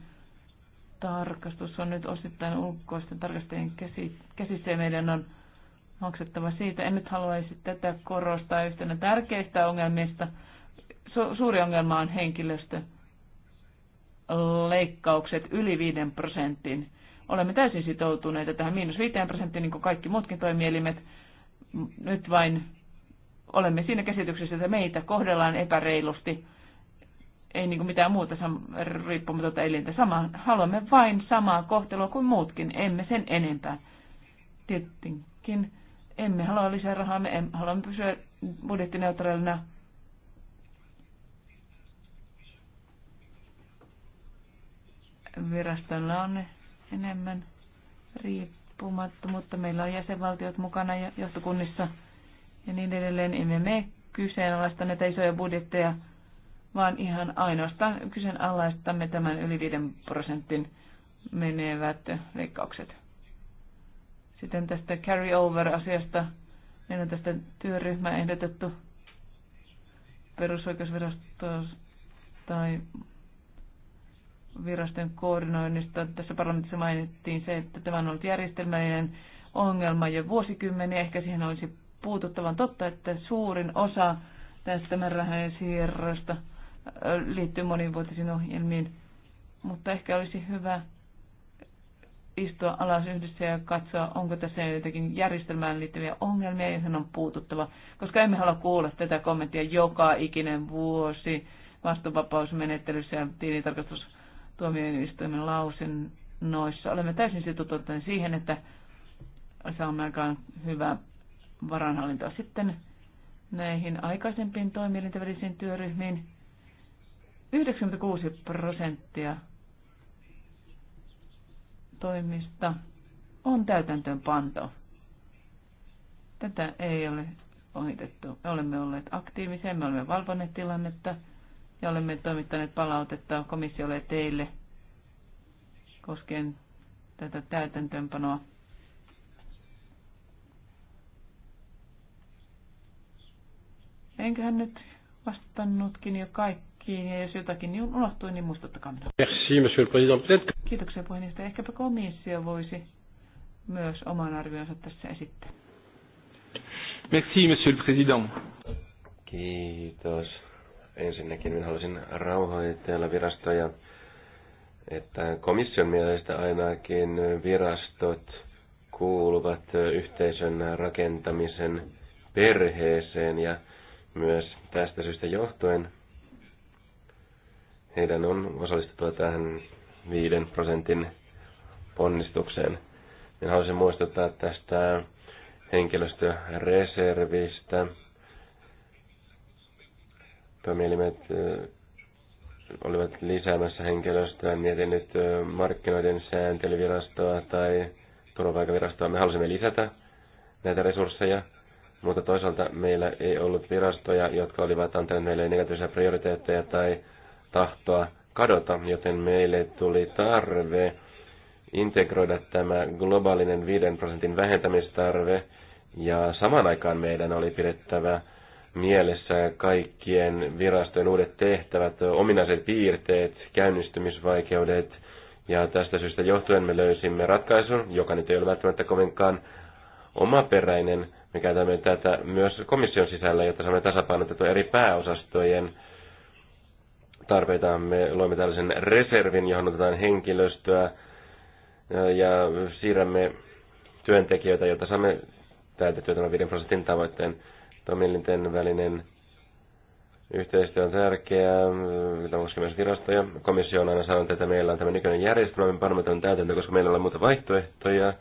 tarkastus on nyt osittain ulkoisten tarkastajien käsissä ja meidän on maksettava siitä. En nyt haluaisi tätä korostaa yhtenä tärkeistä ongelmista. Su- suuri ongelma on henkilöstö leikkaukset yli 5 prosentin. Olemme täysin sitoutuneita tähän miinus 5 prosenttiin, niin kuin kaikki muutkin toimielimet. Nyt vain olemme siinä käsityksessä, että meitä kohdellaan epäreilusti. Ei niin mitään muuta riippumatonta elintä. Sama, haluamme vain samaa kohtelua kuin muutkin, emme sen enempää. Tietenkin emme halua lisää rahaa, me emme, haluamme pysyä budjettineutraalina. Virastolla on enemmän riippumattomuutta. Meillä on jäsenvaltiot mukana johtokunnissa ja niin edelleen. Emme me kyseenalaista näitä isoja budjetteja, vaan ihan ainoastaan kyseenalaistamme tämän yli 5 prosentin menevät leikkaukset. Sitten tästä carry-over-asiasta meillä on tästä työryhmä ehdotettu perusoikeusvirastoon tai viraston koordinoinnista. Tässä parlamentissa mainittiin se, että tämä on ollut järjestelmällinen ongelma jo vuosikymmeniä. Ehkä siihen olisi puututtavan totta, että suurin osa tästä määrärahojen siirroista liittyy monivuotisiin ohjelmiin, mutta ehkä olisi hyvä istua alas yhdessä ja katsoa, onko tässä jotakin järjestelmään liittyviä ongelmia, joihin on puututtava, koska emme halua kuulla tätä kommenttia joka ikinen vuosi vastuunvapausmenettelyssä ja tilintarkastustuomioistuimen lausunnoissa. Olemme täysin sitoutuneet siihen, että saamme aikaan hyvää varanhallintoa sitten näihin aikaisempiin toimielintävälisiin työryhmiin. 96 prosenttia toimista on täytäntöön panto. Tätä ei ole ohitettu. Me olemme olleet aktiivisia, me olemme valvonneet tilannetta ja olemme toimittaneet palautetta komissiolle teille koskien tätä täytäntöönpanoa. Enköhän nyt vastannutkin jo kaikkiin, ja jos jotakin niin unohtui, niin muistuttakaa minua. Merci, monsieur le président. Kiitoksia puheenjohtaja. Ehkäpä komissio voisi myös oman arvionsa tässä esittää. Merci, monsieur le président. Kiitos. Ensinnäkin minä haluaisin rauhoitella virastoja, että komission mielestä ainakin virastot kuuluvat yhteisön rakentamisen perheeseen ja myös tästä syystä johtuen heidän on osallistuttava tähän 5 prosentin ponnistukseen. Ja haluaisin muistuttaa tästä henkilöstöreservistä. Toimielimet äh, olivat lisäämässä henkilöstöä, mietin nyt äh, markkinoiden sääntelyvirastoa tai turvapaikavirastoa. Me halusimme lisätä näitä resursseja mutta toisaalta meillä ei ollut virastoja, jotka olivat antaneet meille negatiivisia prioriteetteja tai tahtoa kadota, joten meille tuli tarve integroida tämä globaalinen 5 prosentin vähentämistarve, ja samaan aikaan meidän oli pidettävä mielessä kaikkien virastojen uudet tehtävät, ominaiset piirteet, käynnistymisvaikeudet, ja tästä syystä johtuen me löysimme ratkaisun, joka nyt ei ole välttämättä kovinkaan omaperäinen, me käytämme tätä myös komission sisällä, jotta saamme tasapainotettua eri pääosastojen tarpeita. Me luomme tällaisen reservin, johon otetaan henkilöstöä ja siirrämme työntekijöitä, jotta saamme täytettyä tämän 5 prosentin tavoitteen. Toimielinten välinen yhteistyö on tärkeää, mitä koskee myös virastoja. Komissio on aina sanonut, että meillä on tämä nykyinen järjestelmä, me panemme tämän täytäntö, koska meillä ei ole muuta vaihtoehtoja.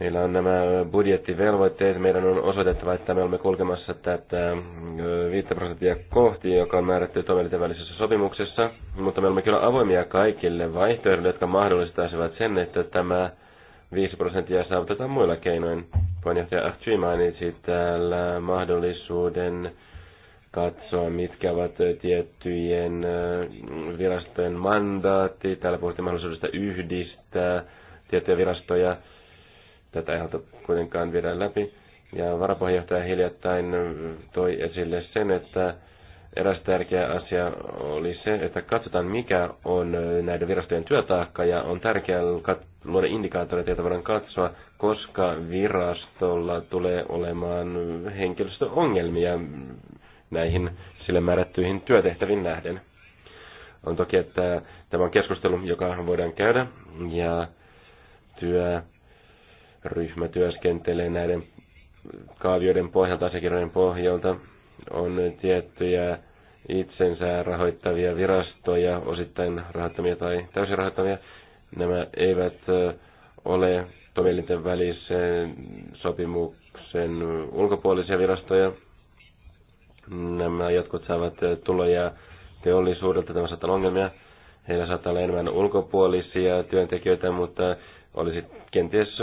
Meillä on nämä budjettivelvoitteet. Meidän on osoitettava, että me olemme kulkemassa tätä 5 prosenttia kohti, joka on määrätty toimielinten välisessä sopimuksessa. Mutta me olemme kyllä avoimia kaikille vaihtoehdoille, jotka mahdollistaisivat sen, että tämä 5 prosenttia saavutetaan muilla keinoin. Puheenjohtaja Ahtui mainitsi täällä mahdollisuuden katsoa, mitkä ovat tiettyjen virastojen mandaatti. Täällä puhuttiin mahdollisuudesta yhdistää tiettyjä virastoja – Tätä ei haluta kuitenkaan viedä läpi. Ja varapuheenjohtaja hiljattain toi esille sen, että eräs tärkeä asia oli se, että katsotaan mikä on näiden virastojen työtaakka ja on tärkeää luoda indikaattoreita, joita voidaan katsoa, koska virastolla tulee olemaan henkilöstöongelmia näihin sille määrättyihin työtehtäviin nähden. On toki, että tämä on keskustelu, joka voidaan käydä ja työ ryhmä työskentelee näiden kaavioiden pohjalta, asiakirjojen pohjalta. On tiettyjä itsensä rahoittavia virastoja, osittain rahoittamia tai täysin rahoittamia. Nämä eivät ole toimielinten välisen sopimuksen ulkopuolisia virastoja. Nämä jotkut saavat tuloja teollisuudelta, tämä saattaa ongelmia. Heillä saattaa olla enemmän ulkopuolisia työntekijöitä, mutta olisi kenties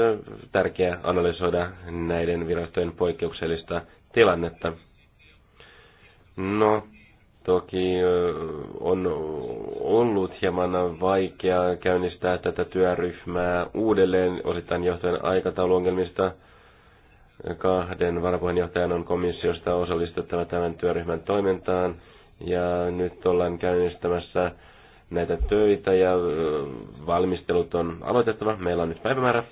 tärkeää analysoida näiden virastojen poikkeuksellista tilannetta. No, toki on ollut hieman vaikeaa käynnistää tätä työryhmää uudelleen osittain johtuen aikatauluongelmista. Kahden varapuheenjohtajan on komissiosta osallistuttava tämän työryhmän toimintaan ja nyt ollaan käynnistämässä näitä töitä ja valmistelut on aloitettava. Meillä on nyt päivämäärä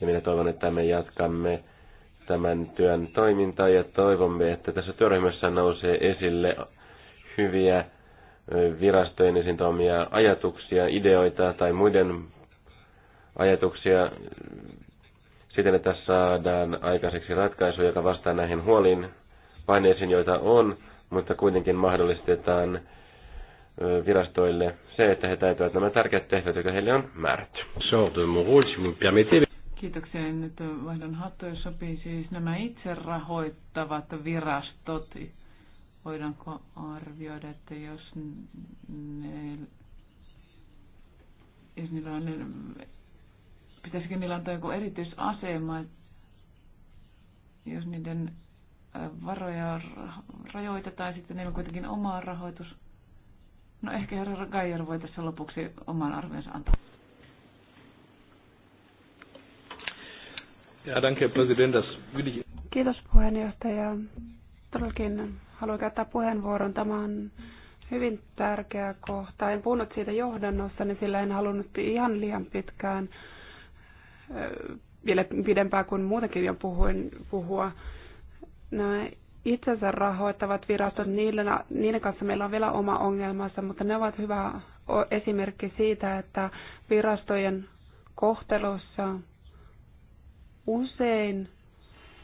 ja minä toivon, että me jatkamme tämän työn toimintaa ja toivomme, että tässä työryhmässä nousee esille hyviä virastojen esiintämiä ajatuksia, ideoita tai muiden ajatuksia siten, että saadaan aikaiseksi ratkaisu, joka vastaa näihin huoliin paineisiin, joita on, mutta kuitenkin mahdollistetaan virastoille se, että he täytyvät nämä tärkeät tehtävät, jotka heille on määrätty. Kiitoksia. Nyt vaihdon hattu, jos sopii siis nämä itse rahoittavat virastot. Voidaanko arvioida, että jos, ne, jos niillä on, pitäisikö niillä antaa joku erityisasema, jos niiden varoja rajoitetaan, sitten niillä on kuitenkin oma rahoitus – No ehkä herra Geijer voi tässä lopuksi oman arvionsa antaa. Ja, danke, president. Kiitos puheenjohtaja. Todellakin haluan käyttää puheenvuoron. Tämä on hyvin tärkeä kohta. En puhunut siitä johdannossa, niin sillä en halunnut ihan liian pitkään, vielä pidempään kuin muutenkin jo puhuin, puhua. Nämä itsensä rahoittavat virastot, niiden, niiden kanssa meillä on vielä oma ongelmansa, mutta ne ovat hyvä esimerkki siitä, että virastojen kohtelussa usein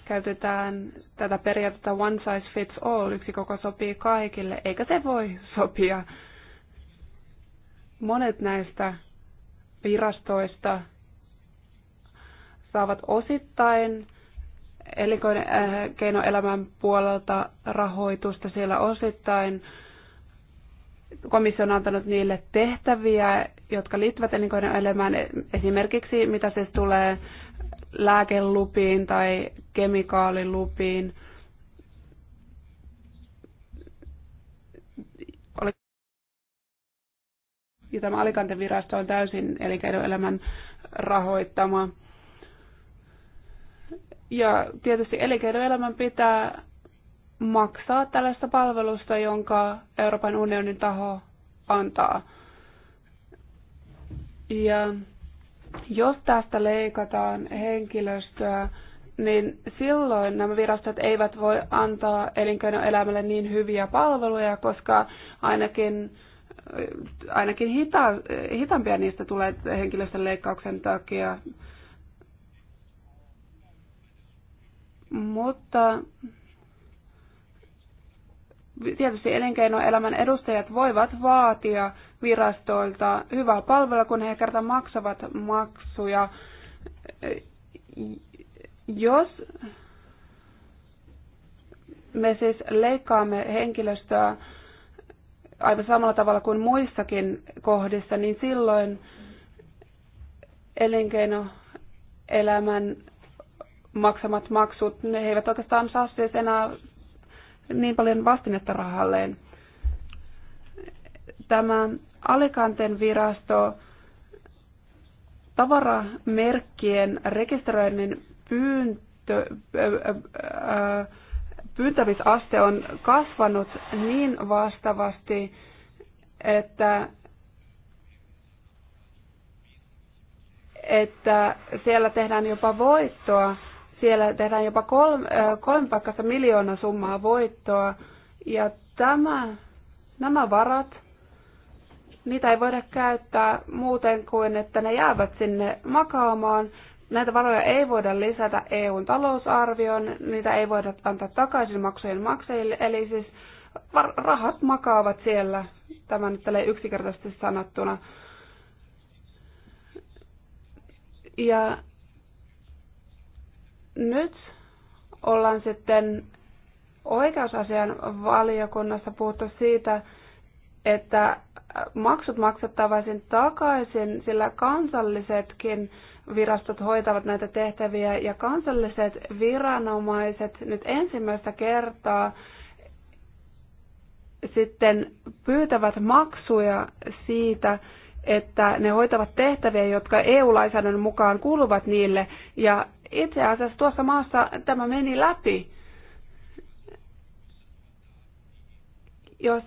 käytetään tätä periaatetta one size fits all, yksi koko sopii kaikille, eikä se voi sopia. Monet näistä virastoista saavat osittain elinkeinoelämän äh, puolelta rahoitusta. Siellä osittain komissio on antanut niille tehtäviä, jotka liittyvät elinkeinoelämään, esimerkiksi mitä siis tulee lääkelupiin tai kemikaalilupiin. Ja tämä Alicanten virasto on täysin elinkeinoelämän rahoittama. Ja tietysti elinkeinoelämän pitää maksaa tällaista palvelusta, jonka Euroopan unionin taho antaa. Ja jos tästä leikataan henkilöstöä, niin silloin nämä virastot eivät voi antaa elinkeinoelämälle niin hyviä palveluja, koska ainakin, ainakin hita, hitaampia niistä tulee henkilöstön leikkauksen takia. Mutta tietysti elinkeinoelämän edustajat voivat vaatia virastoilta hyvää palvelua, kun he kerta maksavat maksuja. Jos me siis leikkaamme henkilöstöä aivan samalla tavalla kuin muissakin kohdissa, niin silloin elinkeinoelämän maksamat maksut, ne eivät oikeastaan saa siis enää niin paljon vastinetta rahalleen. Tämä Alicanten virasto tavaramerkkien rekisteröinnin pyyntö, pyyntämisaste on kasvanut niin vastaavasti, että, että siellä tehdään jopa voittoa siellä tehdään jopa kolme, kolme paikassa miljoona summaa voittoa. Ja tämä, nämä varat, niitä ei voida käyttää muuten kuin, että ne jäävät sinne makaamaan. Näitä varoja ei voida lisätä EUn talousarvioon, niitä ei voida antaa takaisin maksujen maksajille, eli siis rahat makaavat siellä, tämä nyt tälle yksinkertaisesti sanottuna. Ja nyt ollaan sitten oikeusasian valiokunnassa puhuttu siitä, että maksut maksettavaisin takaisin, sillä kansallisetkin virastot hoitavat näitä tehtäviä ja kansalliset viranomaiset nyt ensimmäistä kertaa sitten pyytävät maksuja siitä, että ne hoitavat tehtäviä, jotka EU-lainsäädännön mukaan kuuluvat niille, ja itse asiassa tuossa maassa tämä meni läpi. Jos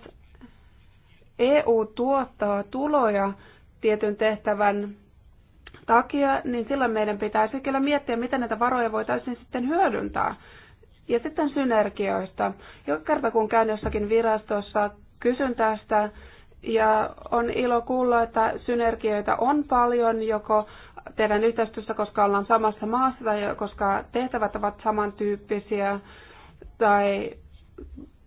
EU tuottaa tuloja tietyn tehtävän takia, niin silloin meidän pitäisi kyllä miettiä, miten näitä varoja voitaisiin sitten hyödyntää. Ja sitten synergioista. Joka kerta kun käyn jossakin virastossa, kysyn tästä ja on ilo kuulla, että synergioita on paljon joko tehdään yhteistyössä, koska ollaan samassa maassa tai koska tehtävät ovat samantyyppisiä tai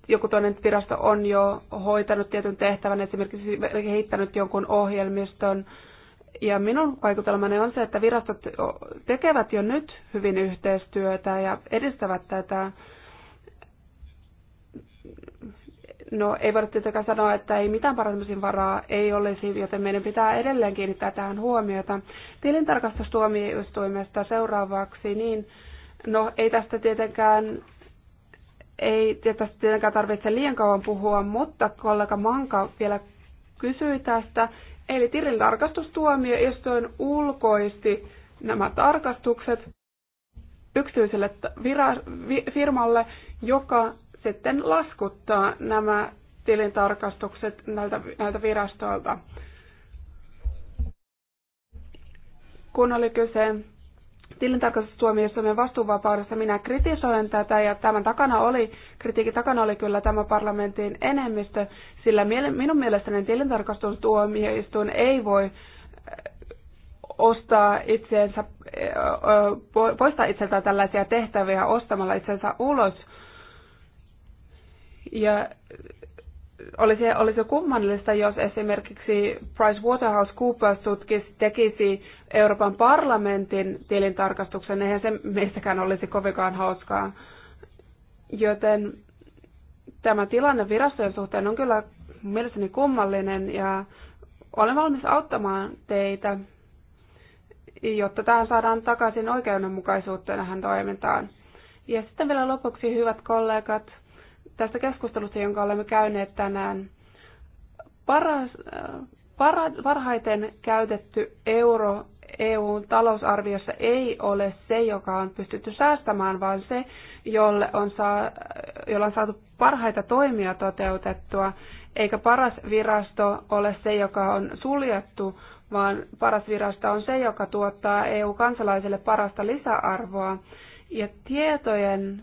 joku toinen virasto on jo hoitanut tietyn tehtävän, esimerkiksi kehittänyt jonkun ohjelmiston. Ja minun vaikutelmani on se, että virastot tekevät jo nyt hyvin yhteistyötä ja edistävät tätä No ei voida tietenkään sanoa, että ei mitään parantamisen varaa ei olisi, joten meidän pitää edelleen kiinnittää tähän huomiota. Tilintarkastustuomioistuimesta seuraavaksi, niin no ei tästä tietenkään ei tästä tietenkään tarvitse liian kauan puhua, mutta kollega Manka vielä kysyi tästä. Eli on ulkoisti nämä tarkastukset yksityiselle vira, vi, firmalle, joka sitten laskuttaa nämä tilintarkastukset näiltä, näiltä virastoilta. Kun oli kyse tilintarkastustuomioistuimen vastuuvapaudessa, minä kritisoin tätä ja tämän takana oli, kritiikin takana oli kyllä tämä parlamentin enemmistö, sillä minun mielestäni tilintarkastustuomioistuin ei voi äh, ostaa itseensä, äh, poistaa itseltään tällaisia tehtäviä ostamalla itsensä ulos ja olisi, olisi kummallista, jos esimerkiksi Price Waterhouse tutkisi, tekisi Euroopan parlamentin tilintarkastuksen, eihän se meistäkään olisi kovinkaan hauskaa. Joten tämä tilanne virastojen suhteen on kyllä mielestäni kummallinen ja olen valmis auttamaan teitä, jotta tähän saadaan takaisin oikeudenmukaisuutta tähän toimintaan. Ja sitten vielä lopuksi, hyvät kollegat, tästä keskustelusta, jonka olemme käyneet tänään. Paras, para, parhaiten käytetty euro EUn talousarviossa ei ole se, joka on pystytty säästämään, vaan se, jolle on saa, jolla on saatu parhaita toimia toteutettua, eikä paras virasto ole se, joka on suljettu, vaan paras virasto on se, joka tuottaa EU-kansalaisille parasta lisäarvoa. Ja tietojen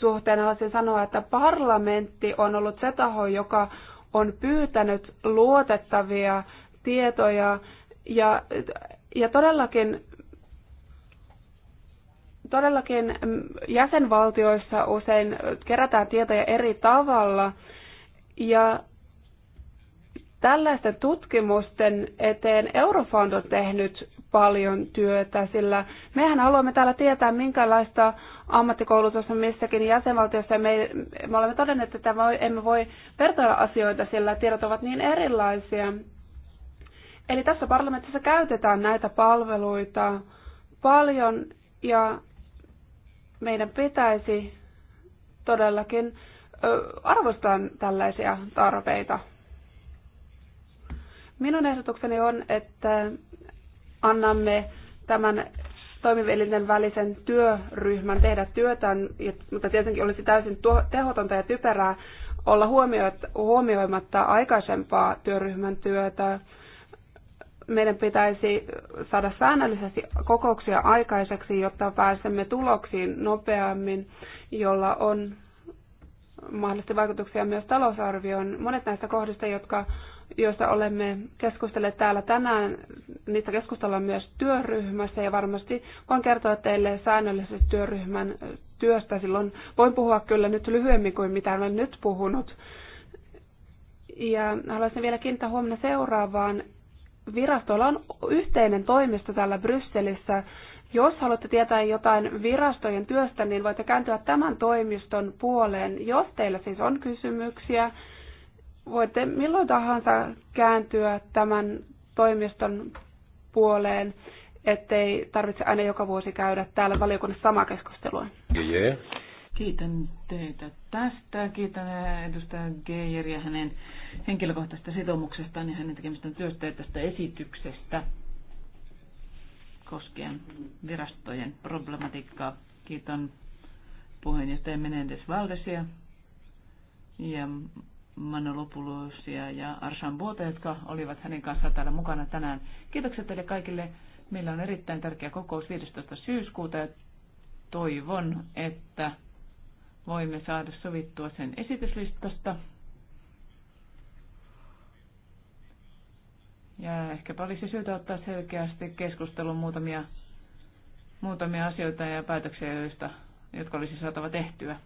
suhteen haluaisin sanoa, että parlamentti on ollut se taho, joka on pyytänyt luotettavia tietoja ja, ja todellakin, todellakin jäsenvaltioissa usein kerätään tietoja eri tavalla ja tällaisten tutkimusten eteen Eurofond on tehnyt paljon työtä, sillä mehän haluamme täällä tietää, minkälaista ammattikoulutus on missäkin jäsenvaltiossa ja me, me olemme todenneet, että voi, emme voi vertailla asioita, sillä tiedot ovat niin erilaisia. Eli tässä parlamentissa käytetään näitä palveluita paljon ja meidän pitäisi todellakin arvostaa tällaisia tarpeita. Minun ehdotukseni on, että annamme tämän toimivielinten välisen työryhmän tehdä työtään, mutta tietenkin olisi täysin tehotonta ja typerää olla huomioimatta aikaisempaa työryhmän työtä. Meidän pitäisi saada säännöllisesti kokouksia aikaiseksi, jotta pääsemme tuloksiin nopeammin, jolla on mahdollisesti vaikutuksia myös talousarvioon. Monet näistä kohdista, jotka joista olemme keskustelleet täällä tänään. niitä keskustellaan myös työryhmässä ja varmasti voin kertoa teille säännöllisesti työryhmän työstä. Silloin voin puhua kyllä nyt lyhyemmin kuin mitä olen nyt puhunut. Ja haluaisin vielä kiinnittää huomenna seuraavaan. Virastolla on yhteinen toimisto täällä Brysselissä. Jos haluatte tietää jotain virastojen työstä, niin voitte kääntyä tämän toimiston puoleen. Jos teillä siis on kysymyksiä, voitte milloin tahansa kääntyä tämän toimiston puoleen, ettei tarvitse aina joka vuosi käydä täällä valiokunnassa samaa keskustelua. Yeah. Kiitän teitä tästä. Kiitän edustaja ja hänen henkilökohtaisesta sitoumuksestaan ja hänen tekemistä työstä ja tästä esityksestä koskien virastojen problematiikkaa. Kiitän puheenjohtaja Menendez Valdesia ja Manolopulusia ja Arsan Buota, jotka olivat hänen kanssaan täällä mukana tänään. Kiitokset teille kaikille. Meillä on erittäin tärkeä kokous 15. syyskuuta ja toivon, että voimme saada sovittua sen esityslistasta. Ja ehkäpä olisi syytä ottaa selkeästi keskusteluun muutamia, muutamia asioita ja päätöksiä, joista, jotka olisi saatava tehtyä.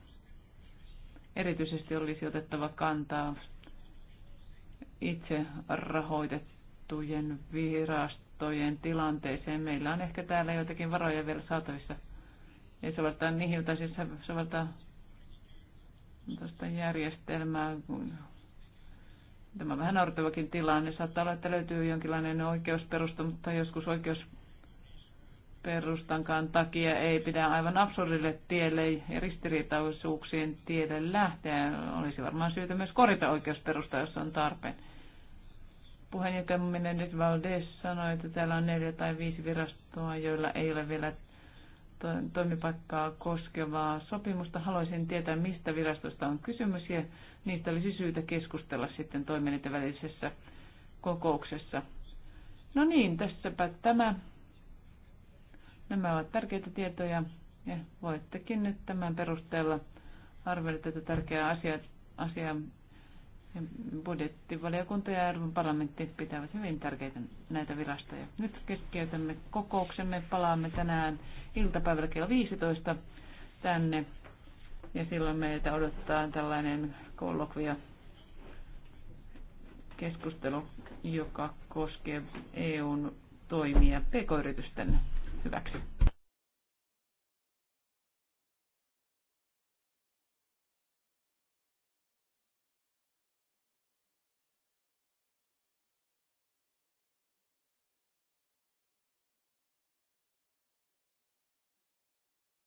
Erityisesti olisi otettava kantaa itse rahoitettujen virastojen tilanteeseen. Meillä on ehkä täällä joitakin varoja vielä saatavissa. Ei sovelta niihin, joita siis sovelta tuosta järjestelmää. Tämä vähän ortavakin tilanne. Saattaa olla, että löytyy jonkinlainen oikeusperusta, mutta joskus oikeus perustankaan takia ei pidä aivan absurdille tielle ja ristiriitaisuuksien tielle lähteä. Olisi varmaan syytä myös korjata oikeusperusta, jos on tarpeen. Puheenjohtaja Menendez Valdes sanoi, että täällä on neljä tai viisi virastoa, joilla ei ole vielä toimipaikkaa koskevaa sopimusta. Haluaisin tietää, mistä virastosta on kysymys ja niistä olisi syytä keskustella sitten toimijoiden välisessä kokouksessa. No niin, tässäpä tämä. Nämä ovat tärkeitä tietoja ja voittekin nyt tämän perusteella arvioida tätä tärkeää asiaa. Asia. Budjettivaliokunta ja Euroopan parlamentti pitävät hyvin tärkeitä näitä virastoja. Nyt keskeytämme kokouksemme. Palaamme tänään iltapäivällä kello 15 tänne. Ja silloin meitä odottaa tällainen kollokvia keskustelu, joka koskee EUn toimia pk-yritysten hyväksi.